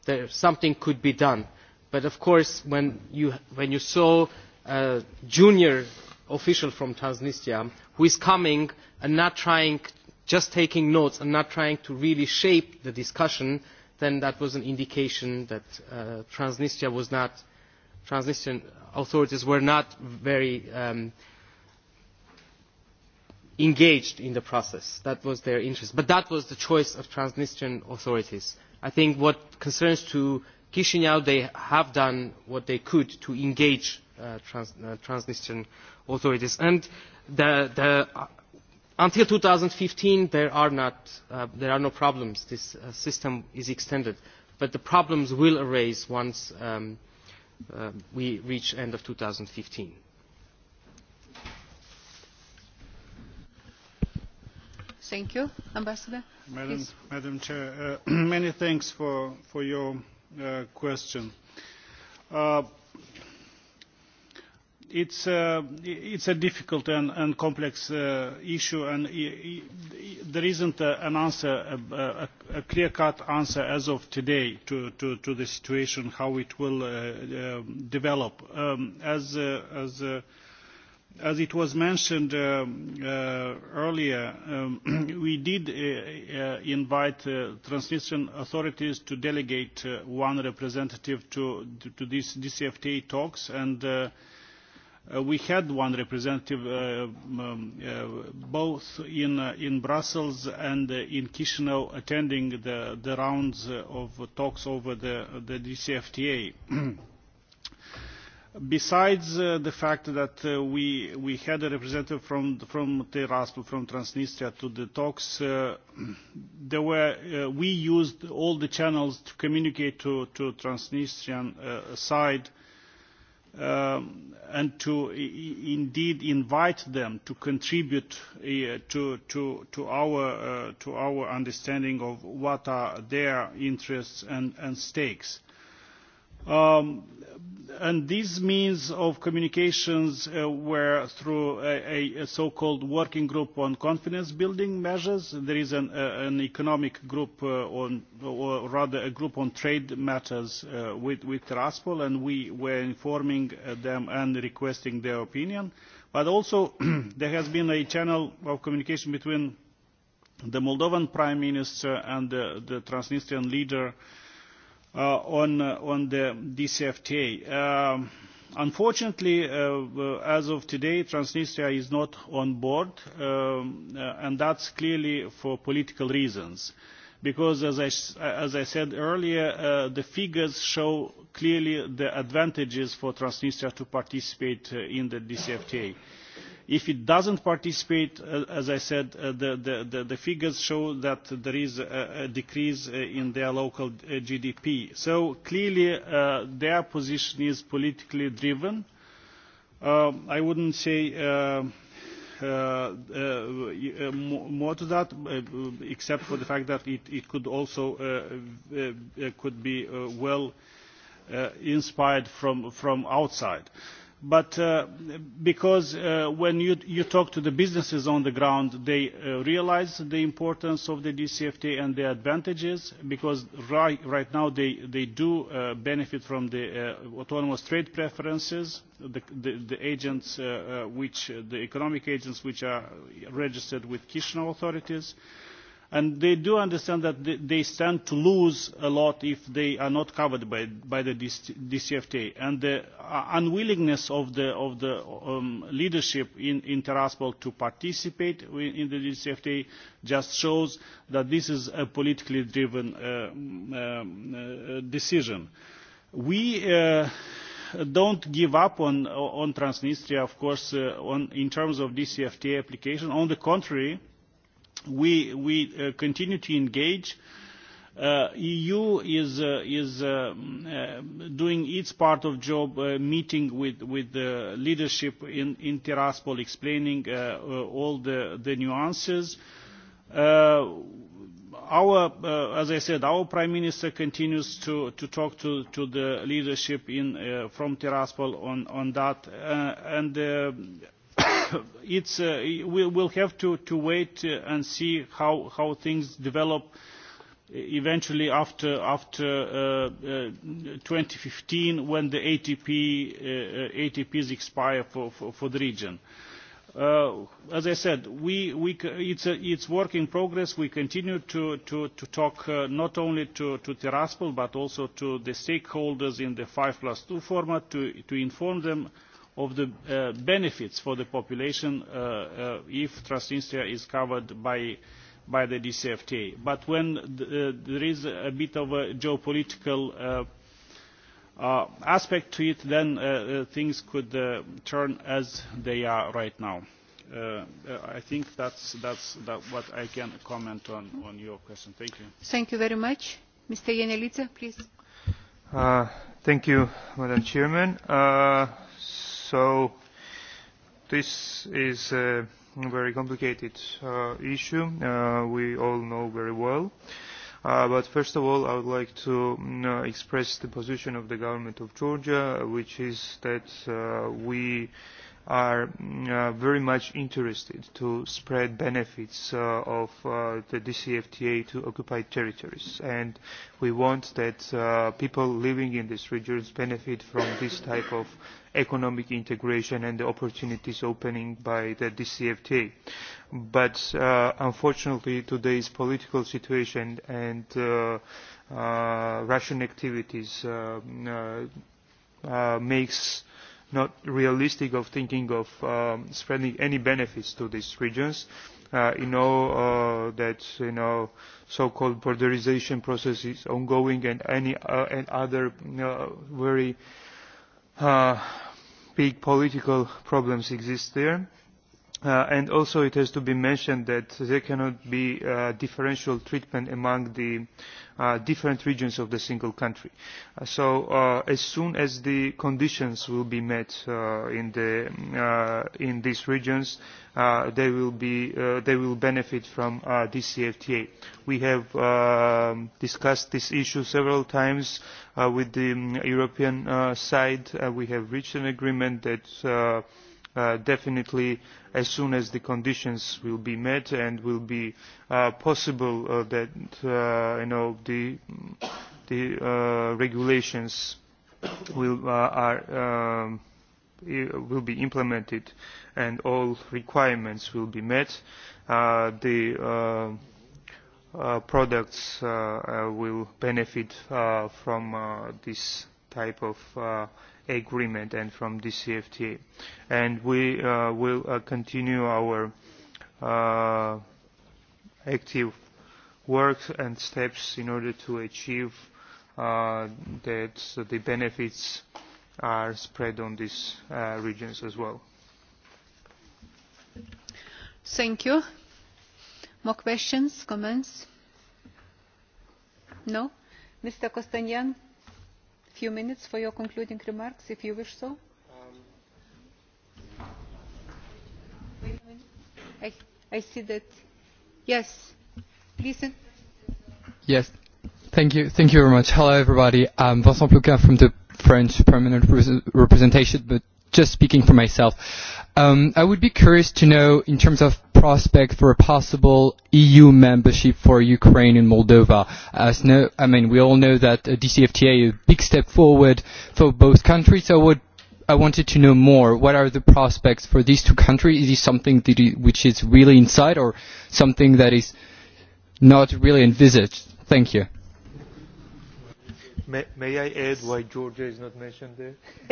there, something could be done. But of course, when you, when you saw a junior official from Transnistria who is coming and not trying, just taking notes and not trying to really shape the discussion, then that was an indication that uh, Transnistria was not, Transnistrian authorities were not very um, engaged in the process. That was their interest. But that was the choice of Transnistrian authorities. I think what concerns to Chisinau, they have done what they could to engage uh, trans, uh, Transnistrian authorities. And the, the, uh, until 2015, there are, not, uh, there are no problems. This uh, system is extended. But the problems will arise once um, – Um, we reach end of 2015. Thank you. Ambassador? Madam, please. Madam Chair, uh, many thanks for, for your uh, question. Uh, it's uh, it's a difficult and, complex uh, issue and there isn't an answer a, clear cut answer as of today to to, the situation how it will uh, um, develop um, as it was mentioned um, earlier we did invite transition authorities to delegate one representative to to this DCFTA talks and Uh, we had one representative uh, um, uh, both in in Brussels and in Chisinau attending the rounds of talks over the DCFTA. Besides the fact that we we had a representative from from Tiraspol from Transnistria to the talks, there were we used all the channels to communicate to to Transnistrian side Um, and to indeed invite them to contribute uh, to, to, to, our, uh, to our understanding of what are their interests and, and stakes. Um, and these means of communications uh, were through a, a so-called working group on confidence building measures. There is an, uh, an economic group uh, on, or rather a group on trade matters uh, with, with Raspol, and we were informing uh, them and requesting their opinion. But also there has been a channel of communication between the Moldovan Prime Minister and the Transnistrian leader Uh, on uh, on the DCFTA. Um, unfortunately, uh, as of today, Transnistria is not on board, um, uh, and that's clearly for political reasons. Because, as I, as I said earlier, the figures show clearly the advantages for Transnistria to participate in the DCFTA. If it doesn't participate, uh, as I said, uh, the, figures show that there is a, decrease uh, in their local GDP. So clearly their position is politically driven. I um, I wouldn't say more to that, except for the fact that it, it could also could be well inspired from outside but uh, because uh, when you, you talk to the businesses on the ground, they realise uh, realize the importance of the DCFT and the advantages, because right, now they, they do benefit from the autonomous trade preferences, the, the, the agents, which, the economic agents which are registered with Kishinev authorities, and they do understand that they stand to lose a lot if they are not covered by, the DCFTA. And the uh, unwillingness of the, of the um, leadership in, in Tiraspol to participate in the DCFTA just shows that this is a politically driven uh, mm, um, uh, decision. We... don't give up on, on Transnistria, of course, on, in terms of DCFTA application. On the contrary, we, we uh, continue to engage uh, EU is uh, is uh, uh, doing its part of job uh, meeting with with the leadership in in Tiraspol explaining all the the nuances our as i said our prime minister continues to to talk to to the leadership in from Tiraspol on on that and it's uh, we will have to to wait uh, and see how how things develop uh, eventually after after uh, 2015 when the ATP ATPs expire for, the region as i said we we it's a, it's work in progress we continue to to to talk not only to to Tiraspol but also to the stakeholders in the 5 plus 2 format to to inform them of the uh, benefits for the population uh, uh, if transnistria is covered by, the dcfta but when there is a bit of a geopolitical aspect to it then things could turn as they are right now. i think that's, that's what i can comment on, on your question. thank you. thank you very much. mr Jenelica, please. thank you madam chairman. So this is a very complicated uh, issue. Uh, we all know very well. Uh, but first of all, I would like to mm, uh, express the position of the government of Georgia, which is that uh, we are mm, uh, very much interested to spread benefits uh, of uh, the DCFTA to occupied territories. And we want that uh, people living in these regions benefit from this type of economic integration and the opportunities opening by the DCFTA. But uh, unfortunately, today's political situation and uh, uh, Russian activities um, uh, uh, makes not realistic of thinking of um, spreading any benefits to these regions. Uh, you know uh, that you know so-called borderization process is ongoing and any uh, and other you uh, know, very uh, big political problems exist there Uh, and also it has to be mentioned that there cannot be uh, differential treatment among the uh, different regions of the single country. So as soon as the conditions will be met in, the, in these regions, they will, be, they will benefit from DCFTA. We have um, discussed this issue several times with the um, European side. We have reached an agreement that Uh, definitely as soon as the conditions will be met and will be uh, possible uh, that uh, you know the the uh, regulations will are um, will be implemented and all requirements will be met the products will benefit from this type of agreement and from the CFTA. And we uh, will uh, continue our uh, active work and steps in order to achieve uh, that the benefits are spread on these uh, regions as well. Thank you. More questions, comments? No? Mr. Kostanyan? few minutes for your concluding remarks if you wish so. Um, I, I see that. Yes. Listen. Yes. Thank you. Thank you very much. Hello, everybody. I'm um, Vincent Plouquin from the French Permanent Representation, but just speaking for myself. Um, I would be curious to know, in terms of prospect for a possible EU membership for Ukraine and Moldova, as no, I mean, we all know that uh, a DCFTA is a big step forward for both countries. So I would, I wanted to know more. What are the prospects for these two countries? Is this something that which is really inside, or something that is not really envisaged? Thank you. May, may I add why Georgia is not mentioned there?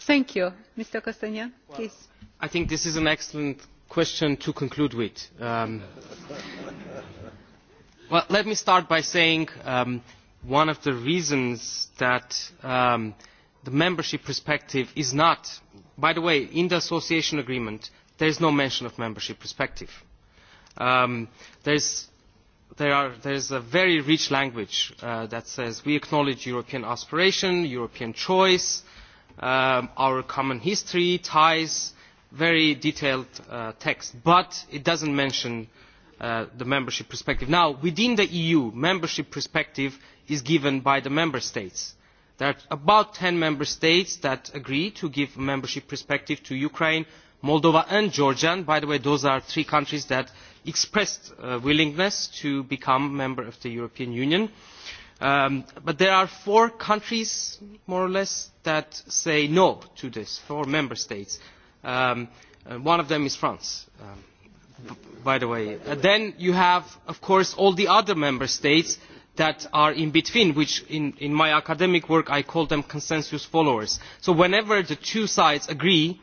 Thank you. Mr. well, please. I think this is an excellent question to conclude with. Um, well, let me start by saying um, one of the reasons that um, the membership perspective is not, by the way, in the association agreement, there is no mention of membership perspective. Um, is there are there is a very rich language uh, that says we acknowledge European aspiration, European choice, um, our common history, ties, very detailed uh, text, but it doesn't mention uh, the membership perspective. Now, within the EU, membership perspective is given by the member states. There are about 10 member states that agree to give membership perspective to Ukraine, Moldova and Georgia. And by the way, those are three countries that expressed uh, willingness to become a member of the european union um, but there are four countries more or less that say no to this four member states um, uh, one of them is france um, by the way. Uh, then you have of course all the other member states that are in between which in my academic work i call them consensus followers. so whenever the two sides agree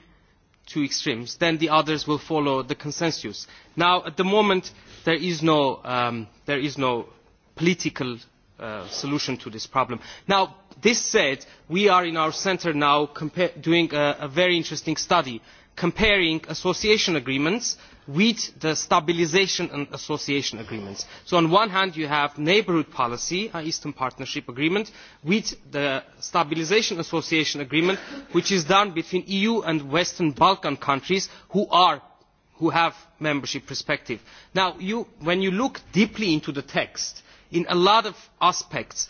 two extremes then the others will follow the consensus. now at the moment there is no, um, there is no political uh, solution to this problem. now this said we are in our centre now doing a very interesting study comparing association agreements with the stabilisation and association agreements. so on one hand you have neighbourhood policy an uh, eastern partnership agreement with the stabilisation association agreement which is done between eu and western balkan countries who, are, who have membership perspective. now you, when you look deeply into the text in a lot of aspects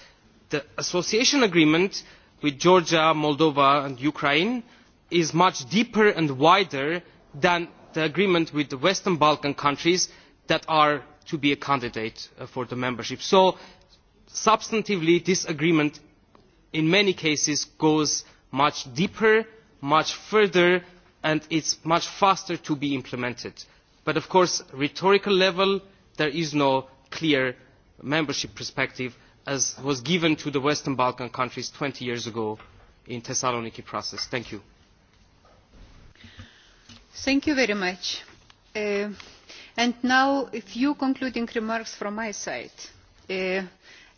the association agreement with georgia moldova and ukraine is much deeper and wider than the agreement with the western balkan countries that are to be a candidate uh, for the membership. so substantively this agreement in many cases goes much deeper much further and it is much faster to be implemented. but of course at rhetorical level there is no clear membership perspective as was given to the western balkan countries twenty years ago in the thessaloniki process. thank you. Thank you very much. Uh, and now a few concluding remarks from my side. Uh,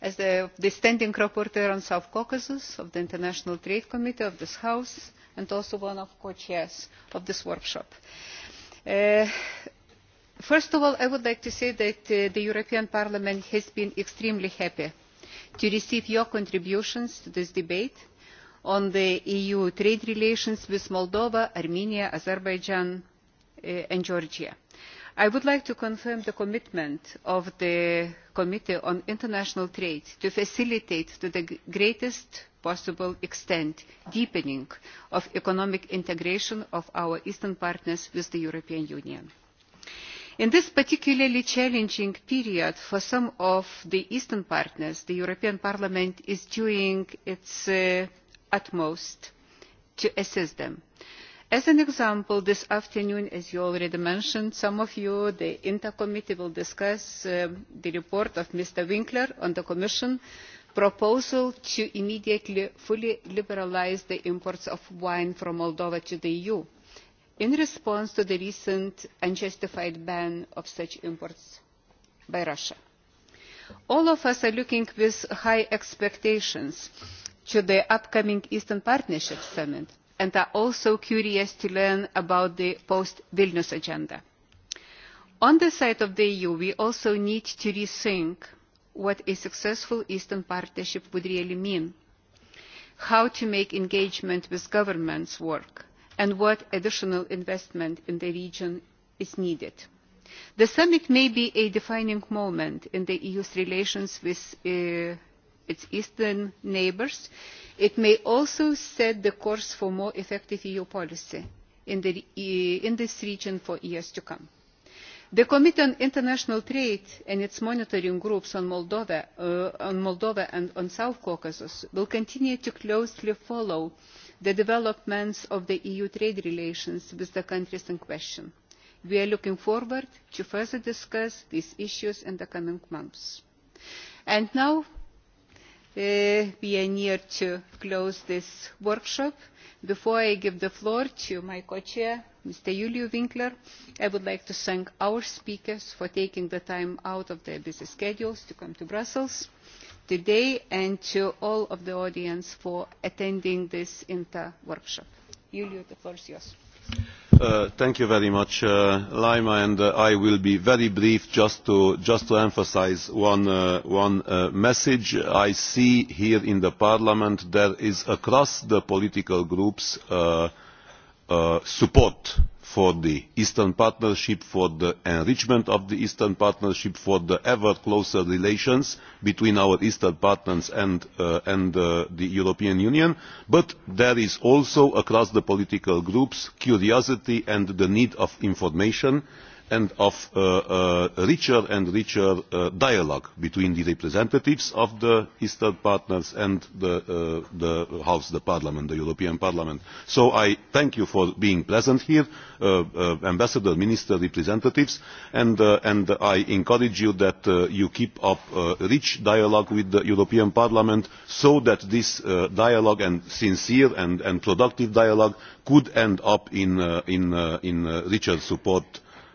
as the, standing rapporteur on South Caucasus of the International Trade Committee of this House and also one of co-chairs of this workshop. Uh, first of all, I would like to say that the European Parliament has been extremely happy to receive your contributions to this debate on the eu trade relations with moldova armenia azerbaijan eh, and georgia. i would like to confirm the commitment of the committee on international trade to facilitate to the greatest possible extent deepening of economic integration of our eastern partners with the european union. in this particularly challenging period for some of the eastern partners the european parliament is doing its eh, utmost to assist them. As an example, this afternoon, as you already mentioned, some of you, the INTA committee, will discuss uh, the report of Mr. Winkler on the Commission proposal to immediately fully liberalise the imports of wine from Moldova to the EU in response to the recent unjustified ban of such imports by Russia. All of us are looking with high expectations to the upcoming eastern partnership summit and are also curious to learn about the post vilnius agenda. on the side of the eu we also need to rethink what a successful eastern partnership would really mean how to make engagement with governments work and what additional investment in the region is needed. the summit may be a defining moment in the eu's relations with uh, its eastern neighbours it may also set the course for more effective eu policy e, in, this region for years to come. the committee on international trade and its monitoring groups on moldova, uh, on moldova and on south caucasus will continue to closely follow the developments of the eu trade relations with the countries in question. we are looking forward to further discussing these issues in the coming months. and now Uh, be near to close this workshop. Before I give the floor to my co-chair, Mr. Julio Winkler, I would like to thank our speakers for taking the time out of their busy schedules to come to Brussels today and to all of the audience for attending this inter workshop. Julio, the floor is yours. Uh, thank you very much, uh, Lima, and uh, I will be very brief just to, emphasise one, one message. I see here in the Parliament there is across the political groups support for the Eastern Partnership, for the enrichment of the Eastern Partnership, for the ever closer relations between our Eastern partners and, uh, and uh, the European Union, but there is also across the political groups curiosity and the need of information and of a uh, uh, richer and richer uh, dialogue between the representatives of the eastern partners and the, house the parliament the european parliament. so i thank you for being present here ambassador minister representatives and, and i encourage you that you keep up rich dialogue with the european parliament so that this dialogue and sincere and, productive dialogue could end up in, in, in richer support